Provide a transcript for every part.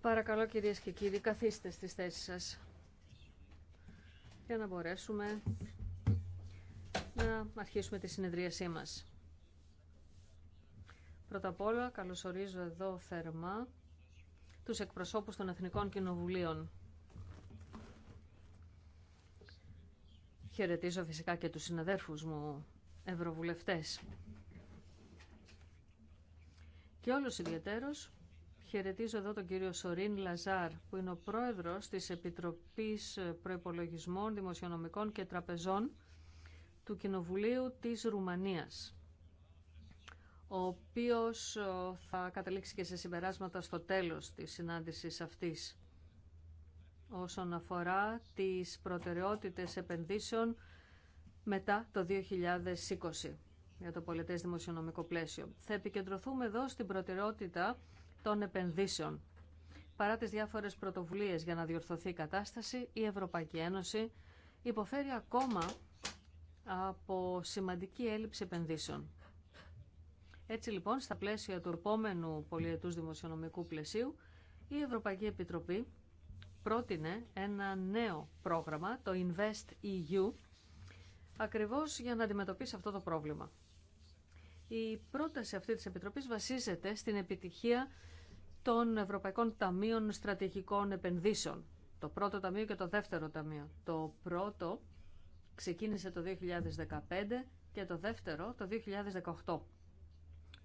Παρακαλώ κυρίες και κύριοι, καθίστε στις θέσεις σας για να μπορέσουμε να αρχίσουμε τη συνεδρίασή μας. Πρώτα απ' όλα καλωσορίζω εδώ θερμά τους εκπροσώπους των Εθνικών Κοινοβουλίων. Χαιρετίζω φυσικά και τους συναδέρφους μου ευρωβουλευτές. Και όλος ιδιαίτερος χαιρετίζω εδώ τον κύριο Σορίν Λαζάρ, που είναι ο πρόεδρος της Επιτροπής Προϋπολογισμών, Δημοσιονομικών και Τραπεζών του Κοινοβουλίου της Ρουμανίας, ο οποίος ε, θα καταλήξει και σε συμπεράσματα στο τέλος της συνάντησης αυτής όσον αφορά τις προτεραιότητες επενδύσεων μετά το 2020 για το πολιτές δημοσιονομικό πλαίσιο. Θα επικεντρωθούμε εδώ στην προτεραιότητα των επενδύσεων. Παρά τις διάφορες πρωτοβουλίες για να διορθωθεί η κατάσταση, η Ευρωπαϊκή Ένωση υποφέρει ακόμα από σημαντική έλλειψη επενδύσεων. Έτσι λοιπόν, στα πλαίσια του επόμενου πολιετούς δημοσιονομικού πλαισίου, η Ευρωπαϊκή Επιτροπή πρότεινε ένα νέο πρόγραμμα, το Invest EU, ακριβώς για να αντιμετωπίσει αυτό το πρόβλημα. Η πρόταση αυτή της Επιτροπής βασίζεται στην επιτυχία των Ευρωπαϊκών Ταμείων Στρατηγικών Επενδύσεων. Το πρώτο ταμείο και το δεύτερο ταμείο. Το πρώτο ξεκίνησε το 2015 και το δεύτερο το 2018.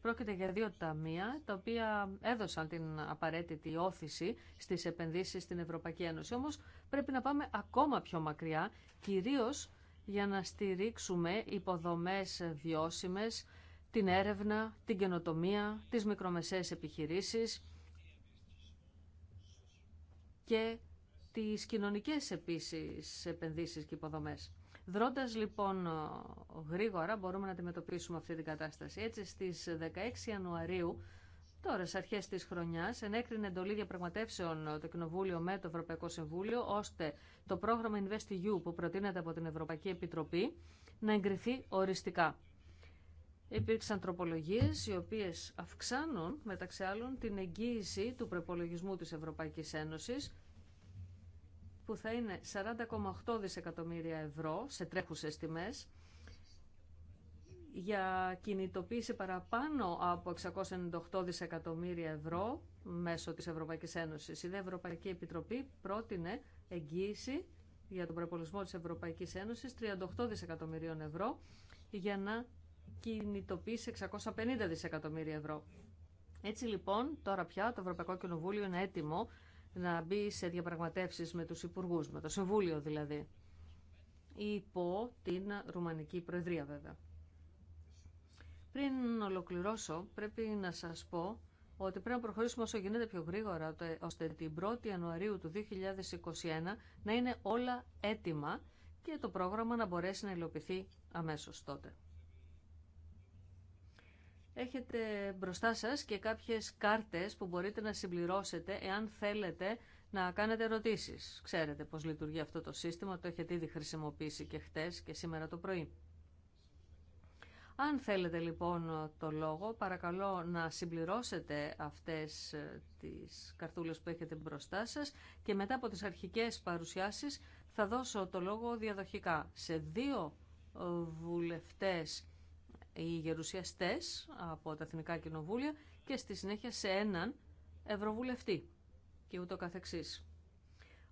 Πρόκειται για δύο ταμεία τα οποία έδωσαν την απαραίτητη όθηση στις επενδύσεις στην Ευρωπαϊκή Ένωση. Όμως πρέπει να πάμε ακόμα πιο μακριά, κυρίως για να στηρίξουμε υποδομές βιώσιμες, την έρευνα, την καινοτομία, τις μικρομεσαίες επιχειρήσεις και τις κοινωνικές επίσης επενδύσεις και υποδομές. Δρώντας λοιπόν γρήγορα μπορούμε να αντιμετωπίσουμε αυτή την κατάσταση. Έτσι στις 16 Ιανουαρίου Τώρα, στι αρχέ της χρονιάς ενέκρινε εντολή διαπραγματεύσεων το Κοινοβούλιο με το Ευρωπαϊκό Συμβούλιο, ώστε το πρόγραμμα InvestEU που προτείνεται από την Ευρωπαϊκή Επιτροπή να εγκριθεί οριστικά. Υπήρξαν τροπολογίες οι οποίες αυξάνουν μεταξύ άλλων την εγγύηση του προπολογισμού της Ευρωπαϊκής Ένωσης που θα είναι 40,8 δισεκατομμύρια ευρώ σε τρέχουσες τιμές για κινητοποίηση παραπάνω από 698 δισεκατομμύρια ευρώ μέσω της Ευρωπαϊκής Ένωσης. Η Ευρωπαϊκή Επιτροπή πρότεινε εγγύηση για τον προπολογισμό της Ευρωπαϊκής Ένωσης 38 δισεκατομμυρίων ευρώ για να κινητοποίησε 650 δισεκατομμύρια ευρώ. Έτσι λοιπόν, τώρα πια το Ευρωπαϊκό Κοινοβούλιο είναι έτοιμο να μπει σε διαπραγματεύσεις με τους υπουργούς, με το Συμβούλιο δηλαδή, υπό την Ρουμανική Προεδρία βέβαια. Πριν ολοκληρώσω, πρέπει να σας πω ότι πρέπει να προχωρήσουμε όσο γίνεται πιο γρήγορα, ώστε την 1η Ιανουαρίου του 2021 να είναι όλα έτοιμα και το πρόγραμμα να μπορέσει να υλοποιηθεί αμέσως τότε έχετε μπροστά σας και κάποιες κάρτες που μπορείτε να συμπληρώσετε εάν θέλετε να κάνετε ερωτήσεις. Ξέρετε πώς λειτουργεί αυτό το σύστημα, το έχετε ήδη χρησιμοποιήσει και χτες και σήμερα το πρωί. Αν θέλετε λοιπόν το λόγο, παρακαλώ να συμπληρώσετε αυτές ε, τις καρτούλες που έχετε μπροστά σας και μετά από τις αρχικές παρουσιάσεις θα δώσω το λόγο διαδοχικά σε δύο ε, βουλευτές οι γερουσιαστές από τα Εθνικά Κοινοβούλια και στη συνέχεια σε έναν Ευρωβουλευτή και ούτω καθεξής.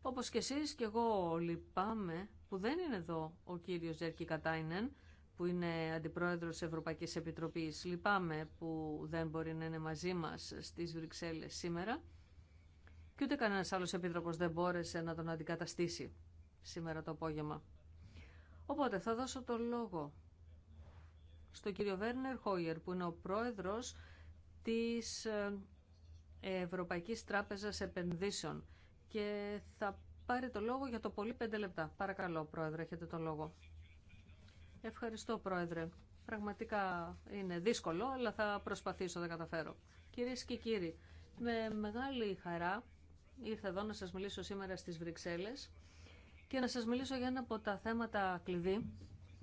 Όπως και εσείς και εγώ λυπάμαι που δεν είναι εδώ ο κύριος Ζέρκη Κατάινεν που είναι Αντιπρόεδρος Ευρωπαϊκής Επιτροπής. Λυπάμαι που δεν μπορεί να είναι μαζί μας στις Βρυξέλλες σήμερα και ούτε κανένας άλλος επίτροπος δεν μπόρεσε να τον αντικαταστήσει σήμερα το απόγευμα. Οπότε θα δώσω το λόγο στον κύριο Βέρνερ Χόιερ που είναι ο πρόεδρος της ε, Ευρωπαϊκής Τράπεζας Επενδύσεων και θα πάρει το λόγο για το πολύ πέντε λεπτά. Παρακαλώ πρόεδρε, έχετε το λόγο. Ευχαριστώ πρόεδρε. Πραγματικά είναι δύσκολο, αλλά θα προσπαθήσω, να καταφέρω. Κύριε και κύριοι, με μεγάλη χαρά ήρθα εδώ να σας μιλήσω σήμερα στις Βρυξέλλες και να σας μιλήσω για ένα από τα θέματα κλειδί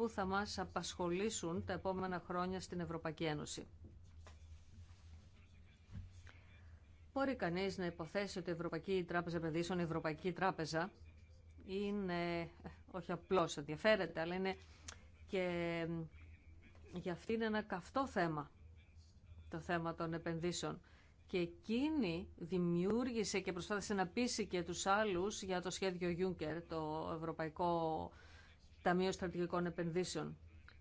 που θα μας απασχολήσουν τα επόμενα χρόνια στην Ευρωπαϊκή Ένωση. Μπορεί κανείς να υποθέσει ότι η Ευρωπαϊκή Τράπεζα Επενδύσεων, η Ευρωπαϊκή Τράπεζα, είναι, όχι απλώς ενδιαφέρεται, αλλά είναι και για αυτή είναι ένα καυτό θέμα, το θέμα των επενδύσεων. Και εκείνη δημιούργησε και προσπάθησε να πείσει και τους άλλους για το σχέδιο Juncker, το Ευρωπαϊκό Ταμείο Στρατηγικών Επενδύσεων.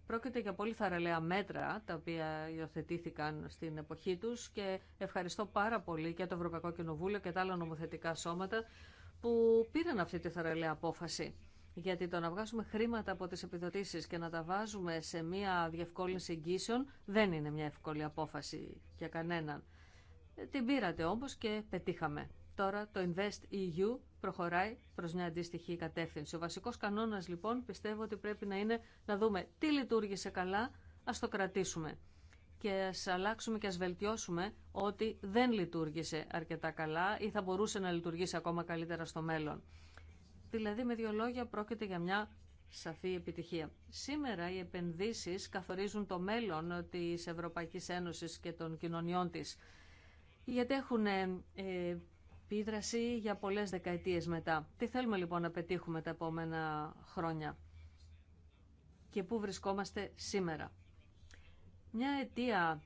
Πρόκειται για πολύ θαραλέα μέτρα τα οποία υιοθετήθηκαν στην εποχή τους και ευχαριστώ πάρα πολύ και το Ευρωπαϊκό Κοινοβούλιο και τα άλλα νομοθετικά σώματα που πήραν αυτή τη θαραλέα απόφαση. Γιατί το να βγάζουμε χρήματα από τις επιδοτήσεις και να τα βάζουμε σε μια διευκόλυνση εγγύσεων δεν είναι μια εύκολη απόφαση για κανέναν. Ε, την πήρατε όμως και πετύχαμε. Τώρα το Invest EU προχωράει προς μια αντίστοιχη κατεύθυνση. Ο βασικό κανόνα λοιπόν πιστεύω ότι πρέπει να είναι να δούμε τι λειτουργήσε καλά, ας το κρατήσουμε και α αλλάξουμε και α βελτιώσουμε ότι δεν λειτουργήσε αρκετά καλά ή θα μπορούσε να λειτουργήσει ακόμα καλύτερα στο μέλλον. Δηλαδή με δύο λόγια πρόκειται για μια σαφή επιτυχία. Σήμερα οι επενδύσει καθορίζουν το μέλλον τη Ευρωπαϊκή Ένωση και των κοινωνιών τη. γιατί έχουν ε, επίδραση για πολλές δεκαετίες μετά. Τι θέλουμε λοιπόν να πετύχουμε τα επόμενα χρόνια και πού βρισκόμαστε σήμερα. Μια αιτία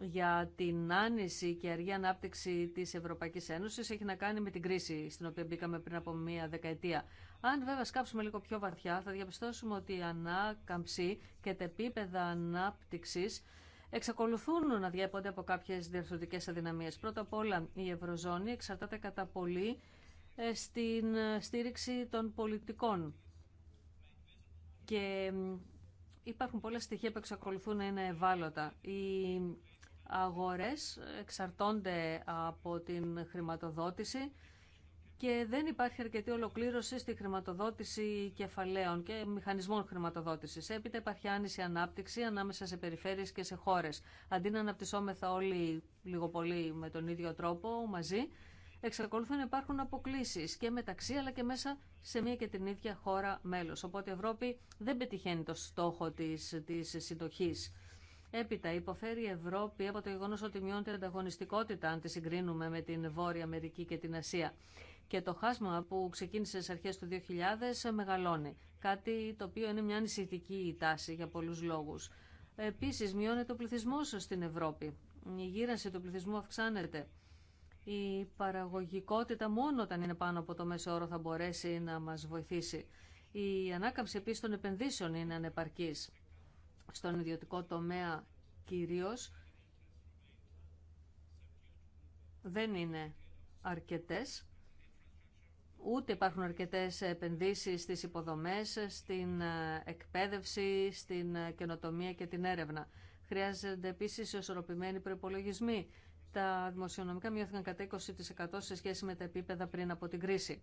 για την άνηση και αργή ανάπτυξη της Ευρωπαϊκής Ένωσης έχει να κάνει με την κρίση στην οποία μπήκαμε πριν από μία δεκαετία. Αν βέβαια σκάψουμε λίγο πιο βαθιά θα διαπιστώσουμε ότι η ανάκαμψη και τα επίπεδα ανάπτυξης εξακολουθούν να διέπονται από κάποιε διορθωτικέ αδυναμίες. Πρώτα απ' όλα η Ευρωζώνη εξαρτάται κατά πολύ ε, στην ε, στήριξη των πολιτικών. Και υπάρχουν πολλά στοιχεία που εξακολουθούν να είναι ευάλωτα. Οι αγορές εξαρτώνται από την χρηματοδότηση και δεν υπάρχει αρκετή ολοκλήρωση στη χρηματοδότηση κεφαλαίων και μηχανισμών χρηματοδότηση. Έπειτα υπάρχει άνηση ανάπτυξη ανάμεσα σε περιφέρειε και σε χώρε. Αντί να αναπτυσσόμεθα όλοι λίγο πολύ με τον ίδιο τρόπο μαζί, εξακολουθούν να υπάρχουν αποκλήσει και μεταξύ αλλά και μέσα σε μία και την ίδια χώρα μέλο. Οπότε η Ευρώπη δεν πετυχαίνει το στόχο τη της συντοχή. Έπειτα, υποφέρει η Ευρώπη από το γεγονό ότι μειώνεται η ανταγωνιστικότητα, αν τη συγκρίνουμε με την Βόρεια Αμερική και την Ασία και το χάσμα που ξεκίνησε στις αρχές του 2000 μεγαλώνει. Κάτι το οποίο είναι μια ανησυχητική τάση για πολλούς λόγους. Επίσης μειώνεται ο πληθυσμός στην Ευρώπη. Η γύρανση του πληθυσμού αυξάνεται. Η παραγωγικότητα μόνο όταν είναι πάνω από το μέσο όρο θα μπορέσει να μας βοηθήσει. Η ανάκαμψη επίσης των επενδύσεων είναι ανεπαρκής. Στον ιδιωτικό τομέα κυρίως δεν είναι αρκετές ούτε υπάρχουν αρκετές επενδύσεις στις υποδομές, στην ε, εκπαίδευση, στην ε, καινοτομία και την έρευνα. Χρειάζονται επίσης ισορροπημένοι προπολογισμοί. Τα δημοσιονομικά μειώθηκαν κατά 20% σε σχέση με τα επίπεδα πριν από την κρίση.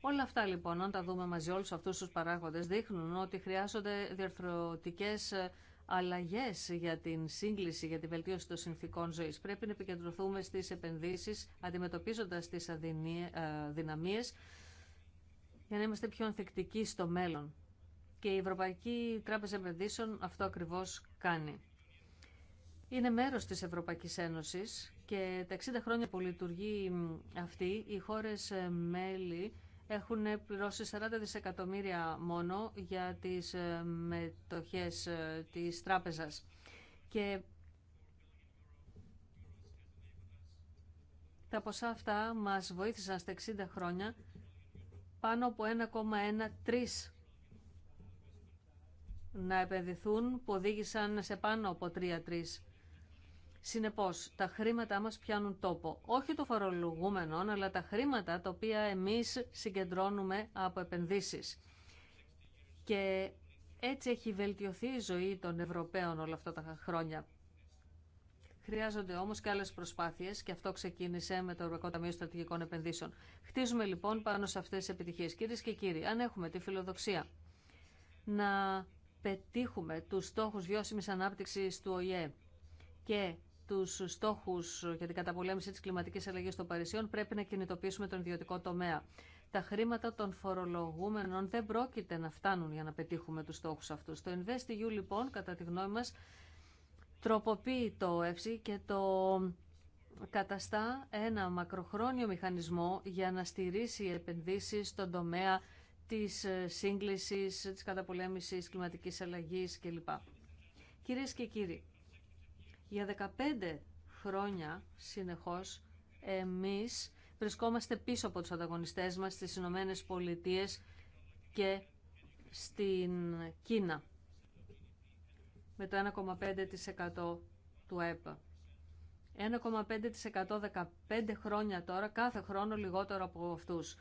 Όλα αυτά λοιπόν, αν τα δούμε μαζί όλους αυτούς τους παράγοντες, δείχνουν ότι χρειάζονται διαρθρωτικές ε, αλλαγέ για την σύγκληση, για την βελτίωση των συνθήκων ζωής. Πρέπει να επικεντρωθούμε στις επενδύσεις, αντιμετωπίζοντας τις ε, αδυναμίες, για να είμαστε πιο ανθεκτικοί στο μέλλον. Και η Ευρωπαϊκή Τράπεζα Επενδύσεων αυτό ακριβώς κάνει. Είναι μέρος της Ευρωπαϊκής Ένωσης και τα 60 χρόνια που λειτουργεί αυτή, οι χώρε ε, μέλη έχουν πληρώσει 40 δισεκατομμύρια μόνο για τις ε, μετοχές ε, της τράπεζας. Και τα ποσά αυτά μας βοήθησαν στα 60 χρόνια πάνω από 1,13 να επενδυθούν που οδήγησαν σε πάνω από 3-3 Συνεπώ, τα χρήματά μα πιάνουν τόπο. Όχι το φορολογούμενο, αλλά τα χρήματα τα οποία εμεί συγκεντρώνουμε από επενδύσει. Και έτσι έχει βελτιωθεί η ζωή των Ευρωπαίων όλα αυτά τα χρόνια. Χρειάζονται όμω και άλλε προσπάθειε και αυτό ξεκίνησε με το Ευρωπαϊκό Ταμείο Στρατηγικών Επενδύσεων. Χτίζουμε λοιπόν πάνω σε αυτέ τι επιτυχίε. Κυρίε και κύριοι, αν έχουμε τη φιλοδοξία να πετύχουμε του στόχου βιώσιμη ανάπτυξη του ΟΗΕ και του στόχου για την καταπολέμηση τη κλιματική αλλαγή των Παρισιών πρέπει να κινητοποιήσουμε τον ιδιωτικό τομέα. Τα χρήματα των φορολογούμενων δεν πρόκειται να φτάνουν για να πετύχουμε του στόχου αυτού. Το InvestEU λοιπόν, κατά τη γνώμη μα, τροποποιεί το ΕΦΣΥ και το καταστά ένα μακροχρόνιο μηχανισμό για να στηρίσει επενδύσεις στον τομέα της ε, σύγκλησης, της καταπολέμησης, κλιματικής αλλαγής κλπ. Κυρίες και κύριοι, για 15 χρόνια συνεχώς εμείς βρισκόμαστε πίσω από τους ανταγωνιστές μας στις Ηνωμένε Πολιτείε και στην Κίνα με το 1,5% του ΕΠΑ. 1,5% 15 χρόνια τώρα, κάθε χρόνο λιγότερο από αυτούς.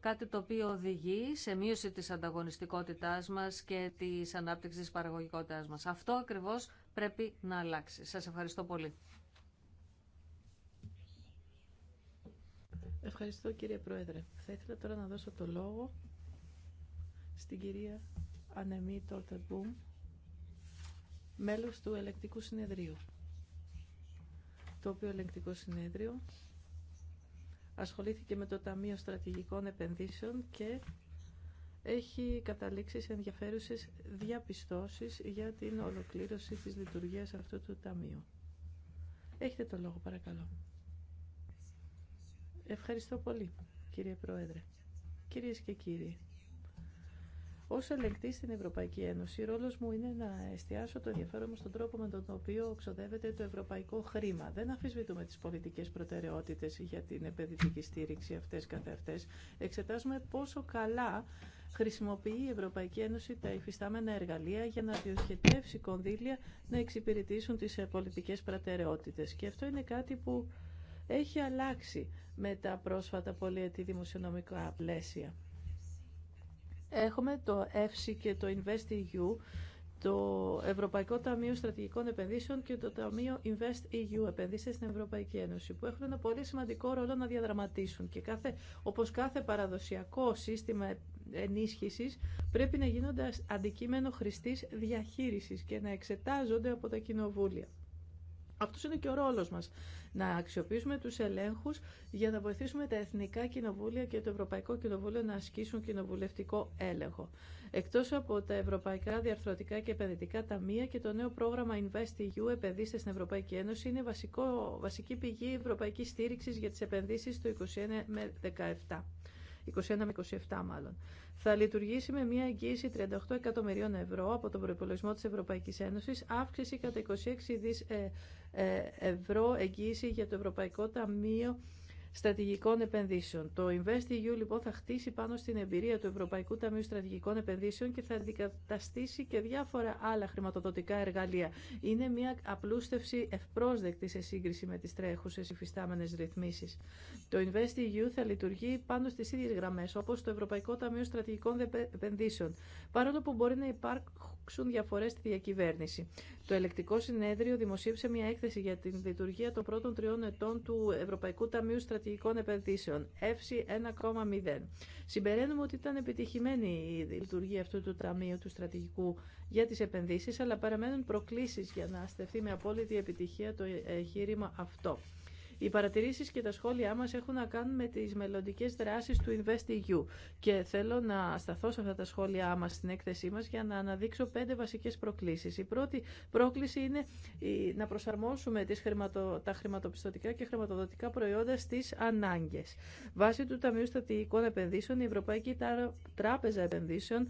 Κάτι το οποίο οδηγεί σε μείωση της ανταγωνιστικότητάς μας και της ανάπτυξης της παραγωγικότητάς μας. Αυτό ακριβώς πρέπει να αλλάξει. Σας ευχαριστώ πολύ. Ευχαριστώ κύριε Πρόεδρε. Θα ήθελα τώρα να δώσω το λόγο στην κυρία Ανεμή Τόρτεμπούμ, μέλος του Ελεκτικού Συνεδρίου. Το οποίο Ελεκτικό Συνέδριο ασχολήθηκε με το Ταμείο Στρατηγικών Επενδύσεων και έχει καταλήξει σε ενδιαφέρουσες διαπιστώσεις για την ολοκλήρωση της λειτουργίας αυτού του ταμείου. Έχετε το λόγο παρακαλώ. Ευχαριστώ πολύ κύριε Πρόεδρε. Κυρίες και κύριοι, ως ελεγκτή στην Ευρωπαϊκή Ένωση, ρόλος μου είναι να εστιάσω το ενδιαφέρον μου στον τρόπο με τον οποίο ξοδεύεται το ευρωπαϊκό χρήμα. Δεν αφισβητούμε τι πολιτικέ προτεραιότητε για την επενδυτική στήριξη αυτέ Εξετάζουμε πόσο καλά χρησιμοποιεί η Ευρωπαϊκή Ένωση τα υφιστάμενα εργαλεία για να διοχετεύσει κονδύλια να εξυπηρετήσουν τις ε, πολιτικές προτεραιότητες. Και αυτό είναι κάτι που έχει αλλάξει με τα πρόσφατα πολυετή δημοσιονομικά πλαίσια. Έχουμε το EFSI και το InvestEU, το Ευρωπαϊκό Ταμείο Στρατηγικών Επενδύσεων και το Ταμείο InvestEU, EU, επενδύσεις στην Ευρωπαϊκή Ένωση, που έχουν ένα πολύ σημαντικό ρόλο να διαδραματίσουν. Και κάθε, όπως κάθε παραδοσιακό σύστημα ενίσχυσης πρέπει να γίνονται αντικείμενο χρηστής διαχείρισης και να εξετάζονται από τα κοινοβούλια. Αυτό είναι και ο ρόλο μα. Να αξιοποιήσουμε του ελέγχου για να βοηθήσουμε τα εθνικά κοινοβούλια και το Ευρωπαϊκό Κοινοβούλιο να ασκήσουν κοινοβουλευτικό έλεγχο. Εκτό από τα Ευρωπαϊκά Διαρθρωτικά και Επενδυτικά Ταμεία και το νέο πρόγραμμα InvestEU Επενδύστε στην Ευρωπαϊκή Ένωση είναι βασικό, βασική πηγή ευρωπαϊκή στήριξη για τι επενδύσει το 2021 με 2017. 21 με 27 μάλλον. Θα λειτουργήσει με μια εγγύηση 38 εκατομμυρίων ευρώ από τον προπολογισμό της Ευρωπαϊκής Ένωσης, αύξηση κατά 26 ε, ε, ευρώ εγγύηση για το Ευρωπαϊκό Ταμείο στρατηγικών επενδύσεων. Το InvestEU λοιπόν θα χτίσει πάνω στην εμπειρία του Ευρωπαϊκού Ταμείου Στρατηγικών Επενδύσεων και θα αντικαταστήσει και διάφορα άλλα χρηματοδοτικά εργαλεία. Είναι μια απλούστευση ευπρόσδεκτη σε σύγκριση με τι τρέχουσε υφιστάμενε ρυθμίσει. Το InvestEU θα λειτουργεί πάνω στι ίδιε γραμμέ όπω το Ευρωπαϊκό Ταμείο Στρατηγικών Επενδύσεων, παρόλο που μπορεί να υπάρξουν διαφορέ στη διακυβέρνηση. Το Ελεκτικό Συνέδριο δημοσίευσε μια έκθεση για την λειτουργία των πρώτων τριών ετών του Ευρωπαϊκού Ταμείου Στρατηγικών στρατηγικών επενδύσεων, 1,0. Συμπεραίνουμε ότι ήταν επιτυχημένη η λειτουργία αυτού του Ταμείου του Στρατηγικού για τις επενδύσεις, αλλά παραμένουν προκλήσεις για να στεφθεί με απόλυτη επιτυχία το εγχείρημα αυτό. Οι παρατηρήσεις και τα σχόλιά μας έχουν να κάνουν με τις μελλοντικέ δράσεις του InvestEU και θέλω να σταθώ σε αυτά τα σχόλιά μας στην έκθεσή μας για να αναδείξω πέντε βασικές προκλήσεις. Η πρώτη πρόκληση είναι να προσαρμόσουμε τις χρηματο... τα χρηματοπιστωτικά και χρηματοδοτικά προϊόντα στις ανάγκες. Βάσει του Ταμείου Στατικών Επενδύσεων, η Ευρωπαϊκή Τράπεζα Επενδύσεων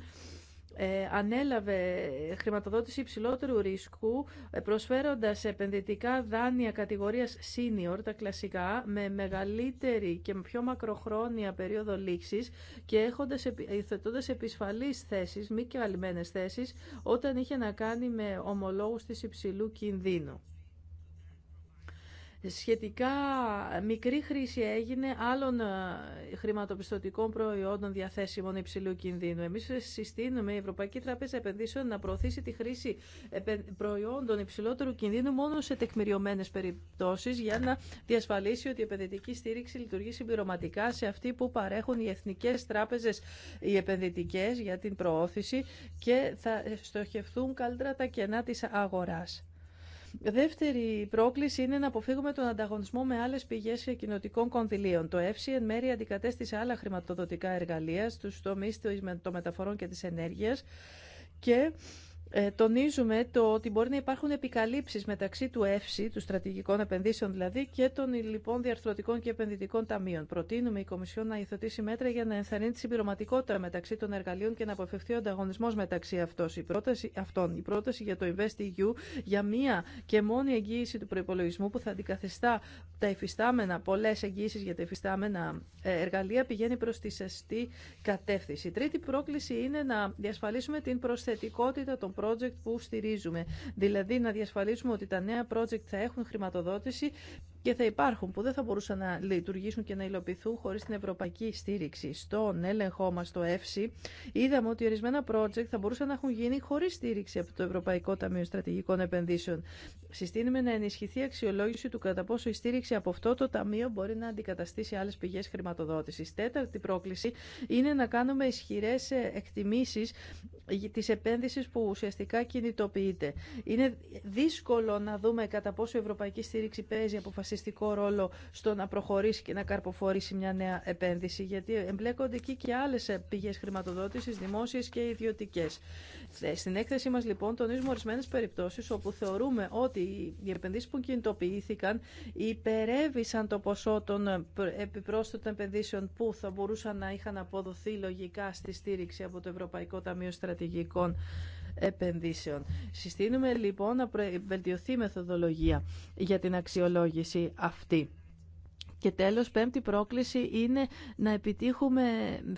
ε, ανέλαβε χρηματοδότηση υψηλότερου ρίσκου ε, προσφέροντας επενδυτικά δάνεια κατηγορίας senior, τα κλασικά, με μεγαλύτερη και πιο μακροχρόνια περίοδο λήξης και έχοντας, υιοθετώντας επισφαλείς θέσεις, μη καλυμμένες θέσεις, όταν είχε να κάνει με ομολόγους της υψηλού κινδύνου σχετικά ε, μικρή χρήση έγινε άλλων ε, χρηματοπιστωτικών προϊόντων διαθέσιμων υψηλού κινδύνου. Εμείς ε, συστήνουμε η Ευρωπαϊκή Τραπέζα Επενδύσεων να προωθήσει τη χρήση προϊόντων υψηλότερου κινδύνου μόνο σε τεκμηριωμένες περιπτώσεις για να διασφαλίσει ότι η επενδυτική στήριξη λειτουργεί συμπληρωματικά σε αυτή που παρέχουν οι εθνικές τράπεζες οι επενδυτικές για την προώθηση και θα στοχευτούν καλύτερα τα κενά της αγοράς. Δεύτερη πρόκληση είναι να αποφύγουμε τον ανταγωνισμό με άλλε πηγέ κοινοτικών κονδυλίων. Το ΕΦΣΥ εν μέρει αντικατέστησε άλλα χρηματοδοτικά εργαλεία στου τομεί των μεταφορών και τη ενέργεια και ε, τονίζουμε το ότι μπορεί να υπάρχουν επικαλύψει μεταξύ του ΕΦΣΥ, του στρατηγικών επενδύσεων δηλαδή, και των λοιπόν διαρθρωτικών και επενδυτικών ταμείων. Προτείνουμε η Κομισιόν να υιοθετήσει μέτρα για να ενθαρρύνει τη συμπληρωματικότητα μεταξύ των εργαλείων και να αποφευθεί ο ανταγωνισμό μεταξύ αυτός. Η πρόταση, αυτών. Η πρόταση για το InvestEU για μία και μόνη εγγύηση του προπολογισμού που θα αντικαθιστά τα υφιστάμενα, πολλέ εγγύησει για τα υφιστάμενα ε, εργαλεία, πηγαίνει προ τη σωστή κατεύθυνση. Η τρίτη πρόκληση είναι να διασφαλίσουμε την προσθετικότητα των project που στηρίζουμε. Δηλαδή να διασφαλίσουμε ότι τα νέα project θα έχουν χρηματοδότηση και θα υπάρχουν που δεν θα μπορούσαν να λειτουργήσουν και να υλοποιηθούν χωρί την ευρωπαϊκή στήριξη. Στον έλεγχό μα, το ΕΦΣΥ είδαμε ότι ορισμένα project θα μπορούσαν να έχουν γίνει χωρί στήριξη από το Ευρωπαϊκό Ταμείο Στρατηγικών Επενδύσεων. Συστήνουμε να ενισχυθεί η αξιολόγηση του κατά πόσο η στήριξη από αυτό το ταμείο μπορεί να αντικαταστήσει άλλε πηγέ χρηματοδότηση. Τέταρτη πρόκληση είναι να κάνουμε ισχυρέ εκτιμήσει τη επένδυση που ουσιαστικά κινητοποιείται. Είναι δύσκολο να δούμε κατά πόσο ευρωπαϊκή στήριξη παίζει αποφασίσει αποφασιστικό ρόλο στο να προχωρήσει και να καρποφορήσει μια νέα επένδυση, γιατί εμπλέκονται εκεί και άλλε πηγέ χρηματοδότηση, δημόσιε και ιδιωτικέ. Ε, στην έκθεσή μα, λοιπόν τονίζουμε ορισμένε περιπτώσει, όπου θεωρούμε ότι οι επενδύσει που κινητοποιήθηκαν υπερέβησαν το ποσό των ε, επιπρόσθετων επενδύσεων που θα μπορούσαν να είχαν αποδοθεί λογικά στη στήριξη από το Ευρωπαϊκό Ταμείο Στρατηγικών επενδύσεων. Συστήνουμε λοιπόν να βελτιωθεί η μεθοδολογία για την αξιολόγηση αυτή. Και τέλος, πέμπτη πρόκληση είναι να επιτύχουμε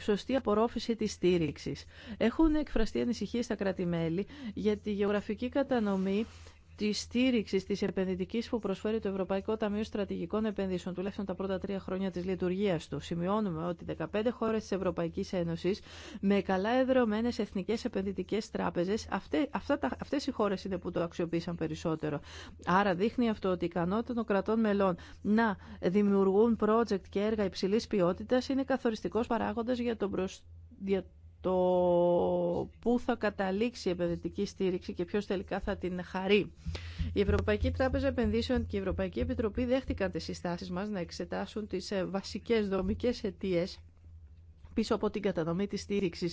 σωστή απορρόφηση της στήριξης. Έχουν εκφραστεί ανησυχίες στα κράτη-μέλη για τη γεωγραφική κατανομή τη στήριξη τη επενδυτική που προσφέρει το Ευρωπαϊκό Ταμείο Στρατηγικών Επενδύσεων, τουλάχιστον τα πρώτα τρία χρόνια τη λειτουργία του. Σημειώνουμε ότι 15 χώρε τη Ευρωπαϊκή Ένωση με καλά εδρεωμένε εθνικέ επενδυτικέ τράπεζε, αυτέ οι χώρε είναι που το αξιοποίησαν περισσότερο. Άρα δείχνει αυτό ότι η ικανότητα των κρατών μελών να δημιουργούν project και έργα υψηλή ποιότητα είναι καθοριστικό παράγοντα για τον το πού θα καταλήξει η επενδυτική στήριξη και ποιος τελικά θα την χαρεί. Η Ευρωπαϊκή Τράπεζα Επενδύσεων και η Ευρωπαϊκή Επιτροπή δέχτηκαν τις συστάσεις μας να εξετάσουν τις ε, βασικές δομικές αιτίες πίσω από την κατανομή τη στήριξη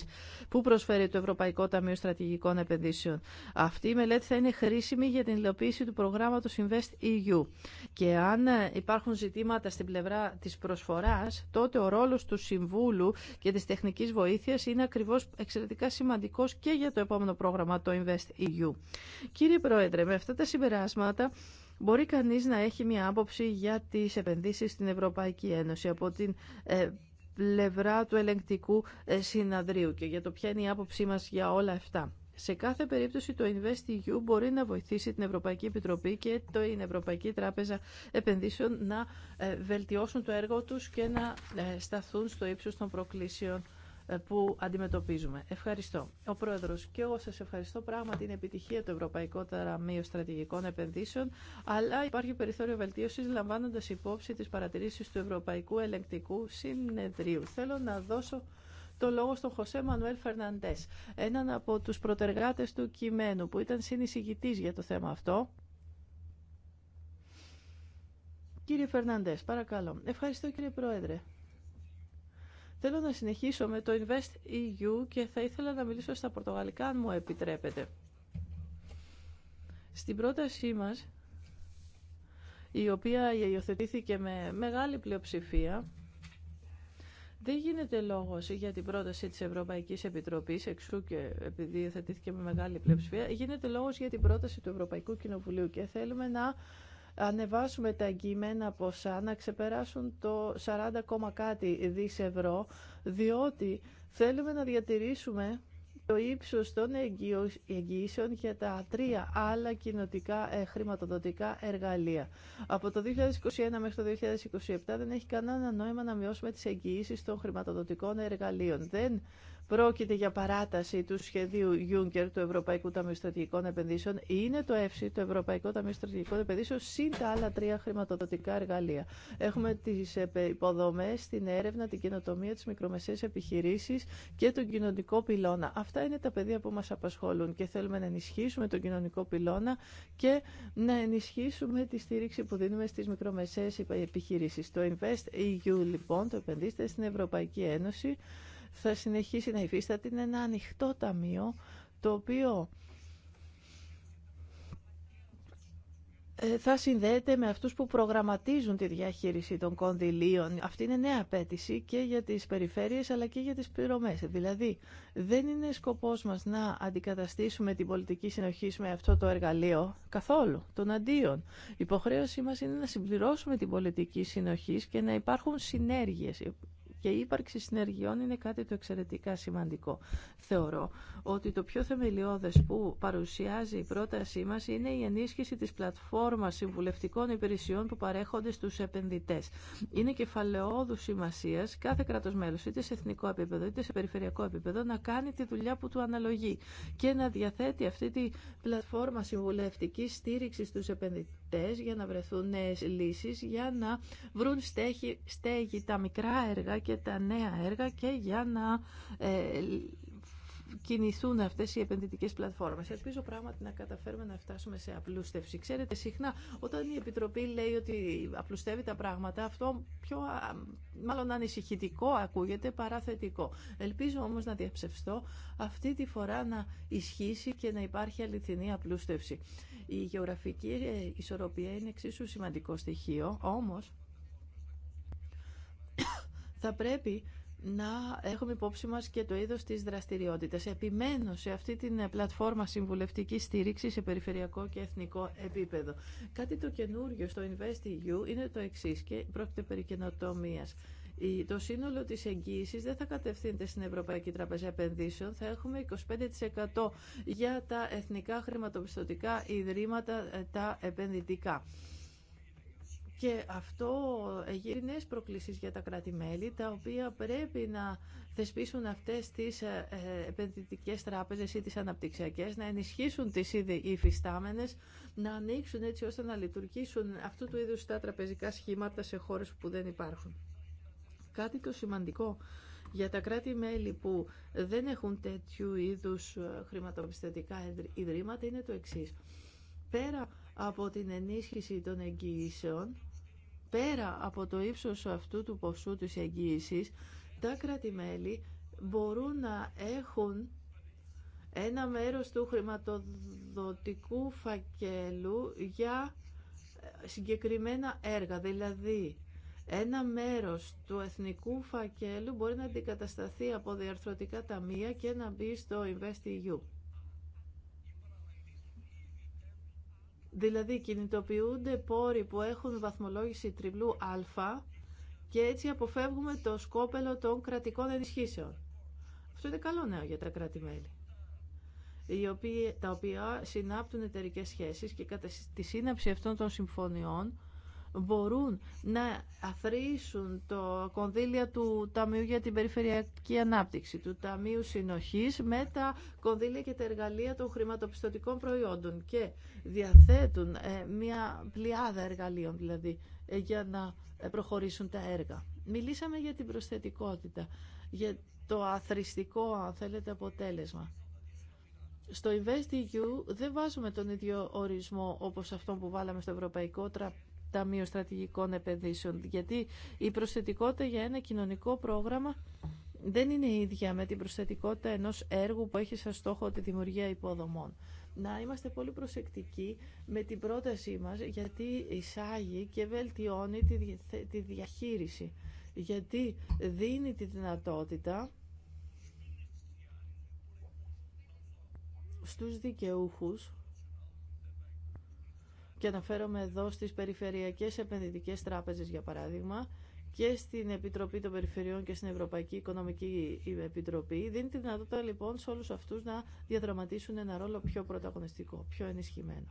που προσφέρει το Ευρωπαϊκό Ταμείο Στρατηγικών Επενδύσεων. Αυτή η μελέτη θα είναι χρήσιμη για την υλοποίηση του προγράμματο Invest EU. Και αν υπάρχουν ζητήματα στην πλευρά τη προσφορά, τότε ο ρόλο του Συμβούλου και τη τεχνική βοήθεια είναι ακριβώ εξαιρετικά σημαντικό και για το επόμενο πρόγραμμα, το Invest EU. Κύριε Πρόεδρε, με αυτά τα συμπεράσματα μπορεί κανείς να έχει μια άποψη για τις επενδύσεις στην Ευρωπαϊκή Ένωση από την ε, πλευρά του ελεγκτικού ε, συναδρίου και για το ποια είναι η άποψή μας για όλα αυτά. Σε κάθε περίπτωση το InvestEU μπορεί να βοηθήσει την Ευρωπαϊκή Επιτροπή και την Ευρωπαϊκή Τράπεζα Επενδύσεων να ε, βελτιώσουν το έργο τους και να ε, σταθούν στο ύψος των προκλήσεων ε, που αντιμετωπίζουμε. Ευχαριστώ. Ο Πρόεδρος, και εγώ σας ευχαριστώ πράγματι είναι επιτυχία το Ευρωπαϊκό Ταραμείου Στρατηγικών Επενδύσεων, αλλά υπάρχει περιθώριο βελτίωσης λαμβάνοντας υπόψη τις παρατηρήσεις του Ευρωπαϊκού Ελεγκτικού Συνεδρίου. Θέλω να δώσω το λόγο στον Χωσέ Μανουέλ Φερναντέ, έναν από τους προτεργάτες του κειμένου που ήταν συνεισηγητής για το θέμα αυτό. Κύριε Φερναντές, παρακαλώ. Ευχαριστώ κύριε Πρόεδρε. Θέλω να συνεχίσω με το Invest EU και θα ήθελα να μιλήσω στα πορτογαλικά, αν μου επιτρέπετε. Στην πρότασή μας, η οποία υιοθετήθηκε με μεγάλη πλειοψηφία, δεν γίνεται λόγος για την πρόταση της Ευρωπαϊκής Επιτροπής, εξού και επειδή υιοθετήθηκε με μεγάλη πλειοψηφία, γίνεται λόγος για την πρόταση του Ευρωπαϊκού Κοινοβουλίου και θέλουμε να ανεβάσουμε τα εγγυημένα ποσά να ξεπεράσουν το 40, κάτι δις ευρώ, διότι θέλουμε να διατηρήσουμε το ύψος των εγγυήσεων για τα τρία άλλα κοινοτικά ε, χρηματοδοτικά εργαλεία. Από το 2021 μέχρι το 2027 δεν έχει κανένα νόημα να μειώσουμε τις εγγυήσεις των χρηματοδοτικών εργαλείων. Δεν Πρόκειται για παράταση του σχεδίου Juncker του Ευρωπαϊκού Ταμείου Στρατηγικών Επενδύσεων. Είναι το ΕΦΣΥ, το Ευρωπαϊκό Ταμείο Στρατηγικών Επενδύσεων, συν τα άλλα τρία χρηματοδοτικά εργαλεία. Έχουμε τι υποδομέ, την έρευνα, την καινοτομία, τι μικρομεσαίε επιχειρήσει και τον κοινωνικό πυλώνα. Αυτά είναι τα πεδία που μα απασχολούν και θέλουμε να ενισχύσουμε τον κοινωνικό πυλώνα και να ενισχύσουμε τη στήριξη που δίνουμε στι μικρομεσαίε επιχειρήσει. Το Invest EU, λοιπόν, το επενδύστε στην Ευρωπαϊκή Ένωση θα συνεχίσει να υφίσταται. Είναι ένα ανοιχτό ταμείο το οποίο ε, θα συνδέεται με αυτούς που προγραμματίζουν τη διαχείριση των κονδυλίων. Αυτή είναι νέα απέτηση και για τις περιφέρειες αλλά και για τις πληρωμές. Δηλαδή, δεν είναι σκοπός μας να αντικαταστήσουμε την πολιτική συνοχή με αυτό το εργαλείο καθόλου, τον αντίον. Η υποχρέωσή μας είναι να συμπληρώσουμε την πολιτική συνοχή και να υπάρχουν συνέργειες και η ύπαρξη συνεργειών είναι κάτι το εξαιρετικά σημαντικό. Θεωρώ ότι το πιο θεμελιώδες που παρουσιάζει η πρότασή μας είναι η ενίσχυση της πλατφόρμας συμβουλευτικών υπηρεσιών που παρέχονται στους επενδυτές. Είναι κεφαλαιόδου σημασία κάθε κράτος μέλος, είτε σε εθνικό επίπεδο είτε σε περιφερειακό επίπεδο, να κάνει τη δουλειά που του αναλογεί και να διαθέτει αυτή τη πλατφόρμα συμβουλευτικής στήριξης στους επενδυτές για να βρεθούν νέες λύσεις, για να βρουν στέγη, τα μικρά έργα και τα νέα έργα και για να ε, κινηθούν αυτές οι επενδυτικές πλατφόρμες. Ελπίζω πράγματι να καταφέρουμε να φτάσουμε σε απλούστευση. Ξέρετε, συχνά όταν η Επιτροπή λέει ότι απλουστεύει τα πράγματα, αυτό πιο μάλλον ανησυχητικό ακούγεται παρά θετικό. Ελπίζω όμως να διαψευστώ αυτή τη φορά να ισχύσει και να υπάρχει αληθινή απλούστευση. Η γεωγραφική ε, ισορροπία είναι εξίσου σημαντικό στοιχείο, όμως θα πρέπει να έχουμε υπόψη μας και το είδος της δραστηριότητας. Επιμένω σε αυτή την πλατφόρμα συμβουλευτικής στήριξη σε περιφερειακό και εθνικό επίπεδο. Κάτι το καινούργιο στο InvestEU είναι το εξή και πρόκειται περί καινοτομίας. Το σύνολο της εγγύησης δεν θα κατευθύνεται στην Ευρωπαϊκή Τραπεζα Επενδύσεων. Θα έχουμε 25% για τα εθνικά χρηματοπιστωτικά ιδρύματα ε, τα επενδυτικά. Και αυτό γύρει νέε προκλήσεις για τα κράτη-μέλη, τα οποία πρέπει να θεσπίσουν αυτές τις ε, επενδυτικές τράπεζες ή τις αναπτυξιακές, να ενισχύσουν τις ήδη υφιστάμενες, να ανοίξουν έτσι ώστε να λειτουργήσουν αυτού του είδους τα τραπεζικά σχήματα σε χώρες που δεν υπάρχουν. Κάτι το σημαντικό για τα κράτη-μέλη που δεν έχουν τέτοιου είδους ε, χρηματοπιστωτικά ιδρύματα είναι το εξής. Πέρα από την ενίσχυση των εγγυήσεων, πέρα από το ύψος αυτού του ποσού της εγγύησης, τα κράτη-μέλη μπορούν να έχουν ένα μέρος του χρηματοδοτικού φακέλου για ε, συγκεκριμένα έργα. Δηλαδή, ένα μέρος του εθνικού φακέλου μπορεί να αντικατασταθεί από διαρθρωτικά ταμεία και να μπει στο InvestEU. Δηλαδή κινητοποιούνται πόροι που έχουν βαθμολόγηση τριπλού α και έτσι αποφεύγουμε το σκόπελο των κρατικών ενισχύσεων. Αυτό είναι καλό νέο για τα κράτη-μέλη, τα οποία συνάπτουν εταιρικέ σχέσεις και κατά τη σύναψη αυτών των συμφωνιών μπορούν να αφρίσουν το κονδύλια του Ταμείου για την Περιφερειακή Ανάπτυξη, του Ταμείου Συνοχής με τα κονδύλια και τα εργαλεία των χρηματοπιστωτικών προϊόντων και διαθέτουν ε, μια πλειάδα εργαλείων δηλαδή ε, για να ε, προχωρήσουν τα έργα. Μιλήσαμε για την προσθετικότητα, για το αθρηστικό αν θέλετε αποτέλεσμα. Στο InvestEU δεν βάζουμε τον ίδιο ορισμό όπως αυτό που βάλαμε στο Ευρωπαϊκό Ταμείο Στρατηγικών Επενδύσεων. Γιατί η προσθετικότητα για ένα κοινωνικό πρόγραμμα δεν είναι ίδια με την προσθετικότητα ενός έργου που έχει σαν στόχο τη δημιουργία υποδομών. Να είμαστε πολύ προσεκτικοί με την πρότασή μας γιατί εισάγει και βελτιώνει τη διαχείριση. Γιατί δίνει τη δυνατότητα στους δικαιούχους και αναφέρομαι εδώ στις περιφερειακές επενδυτικές τράπεζες για παράδειγμα και στην Επιτροπή των Περιφερειών και στην Ευρωπαϊκή Οικονομική Επιτροπή δίνει τη δυνατότητα λοιπόν σε όλους αυτούς να διαδραματίσουν ένα ρόλο πιο πρωταγωνιστικό, πιο ενισχυμένο.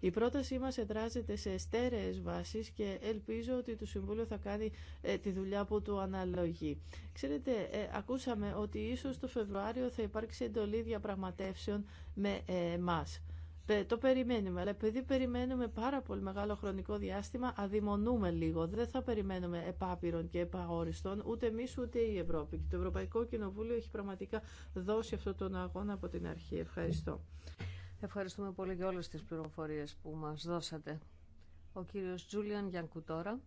Η πρότασή μας εδράζεται σε στέρεες βάσεις και ελπίζω ότι το Συμβούλιο θα κάνει ε, τη δουλειά που του αναλογεί. Ξέρετε, ε, ακούσαμε ότι ίσως το Φεβρουάριο θα υπάρξει εντολή διαπραγματεύσεων με εμάς το περιμένουμε. Αλλά επειδή περιμένουμε πάρα πολύ μεγάλο χρονικό διάστημα, αδειμονούμε λίγο. Δεν θα περιμένουμε επάπειρον και επαόριστον, ούτε εμεί ούτε η Ευρώπη. Και το Ευρωπαϊκό Κοινοβούλιο έχει πραγματικά δώσει αυτόν τον αγώνα από την αρχή. Ευχαριστώ. Ευχαριστούμε πολύ για όλες τις πληροφορίες που μας δώσατε. Ο κύριος Τζούλιαν Γιανκουτόρα,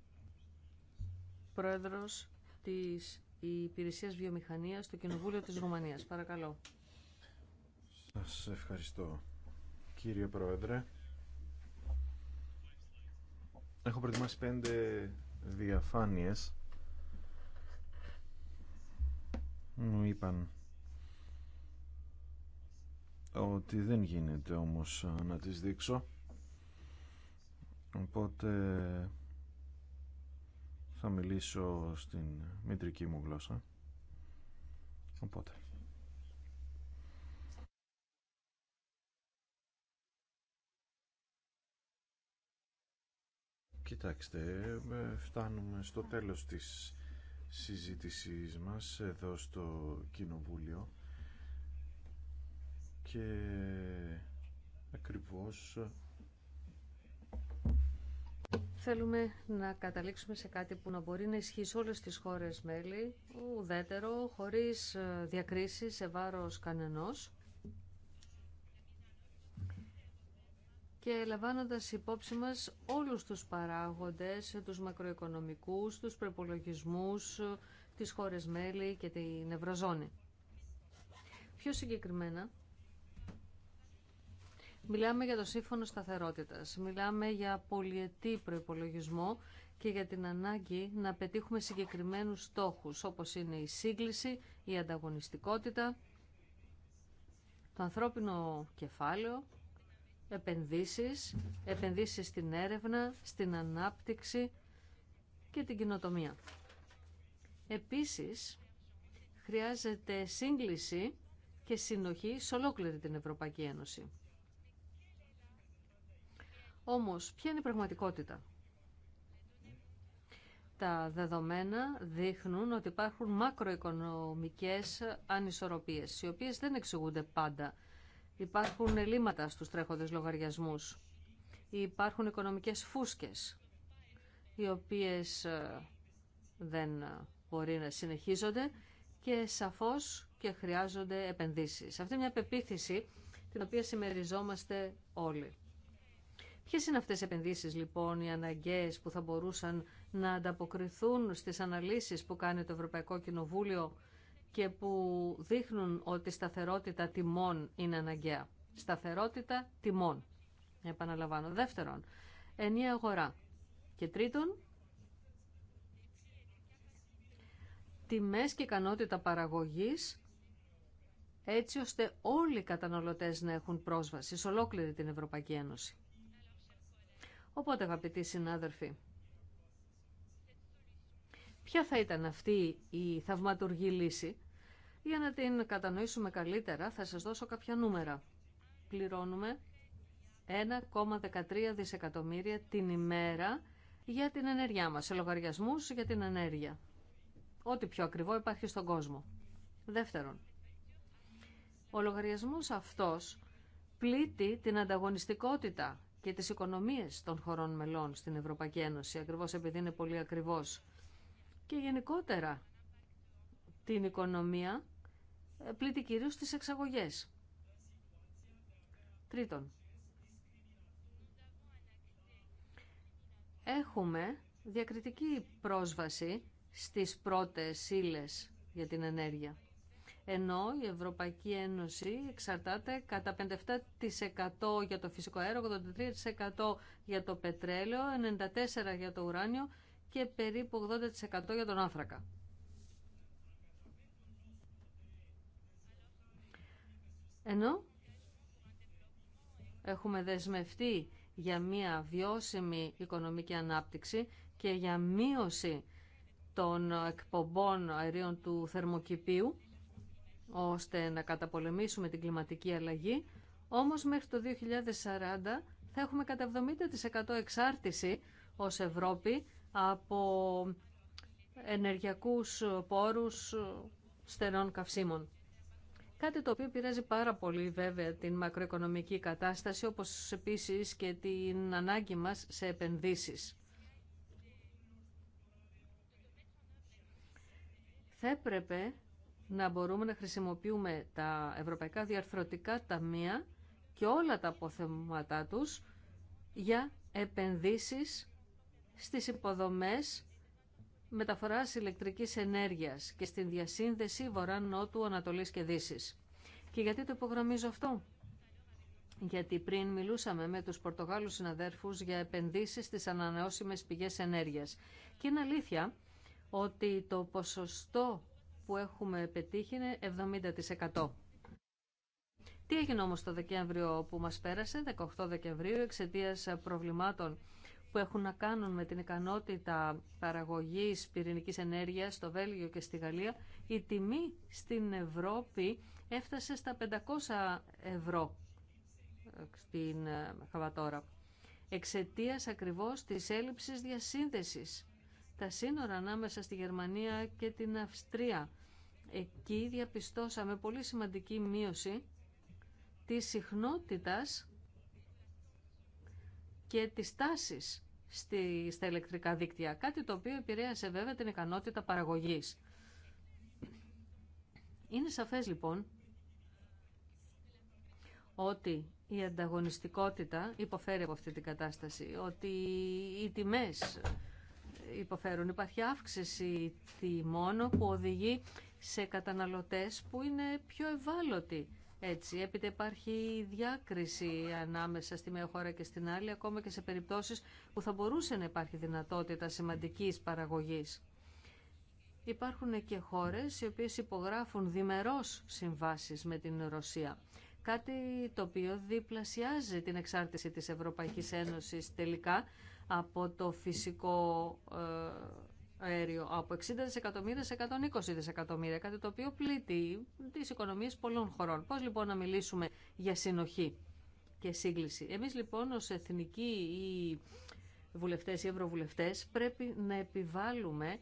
πρόεδρος της Υπηρεσίας Βιομηχανίας του Κοινοβούλιο της Ρουμανίας. Παρακαλώ. Σας ευχαριστώ κύριε Πρόεδρε. Έχω προετοιμάσει πέντε διαφάνειες. Μου είπαν ότι δεν γίνεται όμως να τις δείξω. Οπότε θα μιλήσω στην μητρική μου γλώσσα. Οπότε. Κοιτάξτε, ε, φτάνουμε στο τέλος της συζήτησής μας εδώ στο Κοινοβούλιο και ακριβώς Θέλουμε να καταλήξουμε σε κάτι που να μπορεί να ισχύει σε όλες τις χώρες μέλη, ουδέτερο, χωρίς ε, διακρίσεις σε βάρος κανενός και λαμβάνοντας υπόψη μας όλους τους παράγοντες, τους μακροοικονομικούς, τους προπολογισμού, τις χώρες μέλη και την Ευρωζώνη. Πιο συγκεκριμένα, μιλάμε για το σύμφωνο σταθερότητας, μιλάμε για πολιετή προπολογισμό και για την ανάγκη να πετύχουμε συγκεκριμένους στόχους, όπως είναι η σύγκληση, η ανταγωνιστικότητα, το ανθρώπινο κεφάλαιο, επενδύσεις, επενδύσεις στην έρευνα, στην ανάπτυξη και την κοινοτομία. Επίσης, χρειάζεται σύγκληση και συνοχή σε ολόκληρη την Ευρωπαϊκή Ένωση. Όμως, ποια είναι η πραγματικότητα. Τα δεδομένα δείχνουν ότι υπάρχουν μακροοικονομικές ανισορροπίες, οι οποίες δεν εξηγούνται πάντα Υπάρχουν ελλείμματα στους τρέχοντες λογαριασμούς. Υπάρχουν οικονομικές φούσκες, οι οποίες ε, δεν ε, μπορεί να συνεχίζονται και σαφώς και χρειάζονται επενδύσεις. Αυτή είναι μια πεποίθηση την οποία συμμεριζόμαστε όλοι. Ποιε είναι αυτές οι επενδύσεις λοιπόν οι αναγκαίες που θα μπορούσαν να ανταποκριθούν στις αναλύσεις που κάνει το Ευρωπαϊκό Κοινοβούλιο και που δείχνουν ότι σταθερότητα τιμών είναι αναγκαία. Σταθερότητα τιμών. Επαναλαμβάνω. Δεύτερον, ενιαία αγορά. Και τρίτον, τιμές και ικανότητα παραγωγής έτσι ώστε όλοι οι καταναλωτές να έχουν πρόσβαση σε ολόκληρη την Ευρωπαϊκή Ένωση. Οπότε αγαπητοί συνάδελφοι, ποια θα ήταν αυτή η θαυματουργή λύση για να την κατανοήσουμε καλύτερα θα σας δώσω κάποια νούμερα. Πληρώνουμε 1,13 δισεκατομμύρια την ημέρα για την ενέργειά μας, σε λογαριασμούς για την ενέργεια. Ό,τι πιο ακριβό υπάρχει στον κόσμο. Δεύτερον, ο λογαριασμός αυτός πλήττει την ανταγωνιστικότητα και τις οικονομίες των χωρών μελών στην Ευρωπαϊκή Ένωση, ακριβώς επειδή είναι πολύ ακριβώς. Και γενικότερα την οικονομία πλήττει κυρίως τις εξαγωγές. Τρίτον, έχουμε διακριτική πρόσβαση στις πρώτες ύλε για την ενέργεια. Ενώ η Ευρωπαϊκή Ένωση εξαρτάται κατά 57% για το φυσικό αέριο, 83% για το πετρέλαιο, 94% για το ουράνιο και περίπου 80% για τον άνθρακα. Ενώ έχουμε δεσμευτεί για μια βιώσιμη οικονομική ανάπτυξη και για μείωση των εκπομπών αερίων του θερμοκηπίου, ώστε να καταπολεμήσουμε την κλιματική αλλαγή, όμως μέχρι το 2040 θα έχουμε κατά 70% εξάρτηση ως Ευρώπη από ενεργειακούς πόρους στενών καυσίμων. Κάτι το οποίο πειράζει πάρα πολύ βέβαια την μακροοικονομική κατάσταση, όπως επίσης και την ανάγκη μας σε επενδύσεις. Θα έπρεπε να μπορούμε να χρησιμοποιούμε τα ευρωπαϊκά διαρθρωτικά ταμεία και όλα τα αποθεματά τους για επενδύσεις στις υποδομές μεταφοράς ηλεκτρικής ενέργειας και στην διασύνδεση βορρά-νότου, Ανατολής και Δύση. Και γιατί το υπογραμμίζω αυτό. Γιατί πριν μιλούσαμε με τους Πορτογάλους συναδέρφους για επενδύσεις στις ανανεώσιμες πηγές ενέργειας. Και είναι αλήθεια ότι το ποσοστό που έχουμε πετύχει είναι 70%. Τι έγινε όμως το Δεκέμβριο που μας πέρασε, 18 Δεκεμβρίου, εξαιτία προβλημάτων που έχουν να κάνουν με την ικανότητα παραγωγής πυρηνικής ενέργειας στο Βέλγιο και στη Γαλλία, η τιμή στην Ευρώπη έφτασε στα 500 ευρώ ε, στην ε, Χαβατόρα. Εξαιτίας ακριβώς της έλλειψης διασύνδεσης. Τα σύνορα ανάμεσα στη Γερμανία και την Αυστρία. Εκεί διαπιστώσαμε πολύ σημαντική μείωση της συχνότητας και της τάσης στη, στα ηλεκτρικά δίκτυα. Κάτι το οποίο επηρέασε βέβαια την ικανότητα παραγωγής. Είναι σαφές λοιπόν ότι η ανταγωνιστικότητα υποφέρει από αυτή την κατάσταση, ότι οι τιμές υποφέρουν. Υπάρχει αύξηση τιμών που οδηγεί σε καταναλωτές που είναι πιο ευάλωτοι έτσι. Έπειτα υπάρχει διάκριση ανάμεσα στη μία χώρα και στην άλλη, ακόμα και σε περιπτώσεις που θα μπορούσε να υπάρχει δυνατότητα σημαντικής παραγωγής. Υπάρχουν και χώρες οι οποίες υπογράφουν διμερώς συμβάσεις με την Ρωσία. Κάτι το οποίο διπλασιάζει την εξάρτηση της Ευρωπαϊκής Ένωσης τελικά από το φυσικό ε, αέριο από 60 δισεκατομμύρια σε 120 δισεκατομμύρια, κάτι το οποίο πλήττει τι οικονομίε πολλών χωρών. Πώς λοιπόν να μιλήσουμε για συνοχή και σύγκληση. Εμείς λοιπόν ως εθνικοί ή βουλευτές ή ευρωβουλευτέ πρέπει να επιβάλλουμε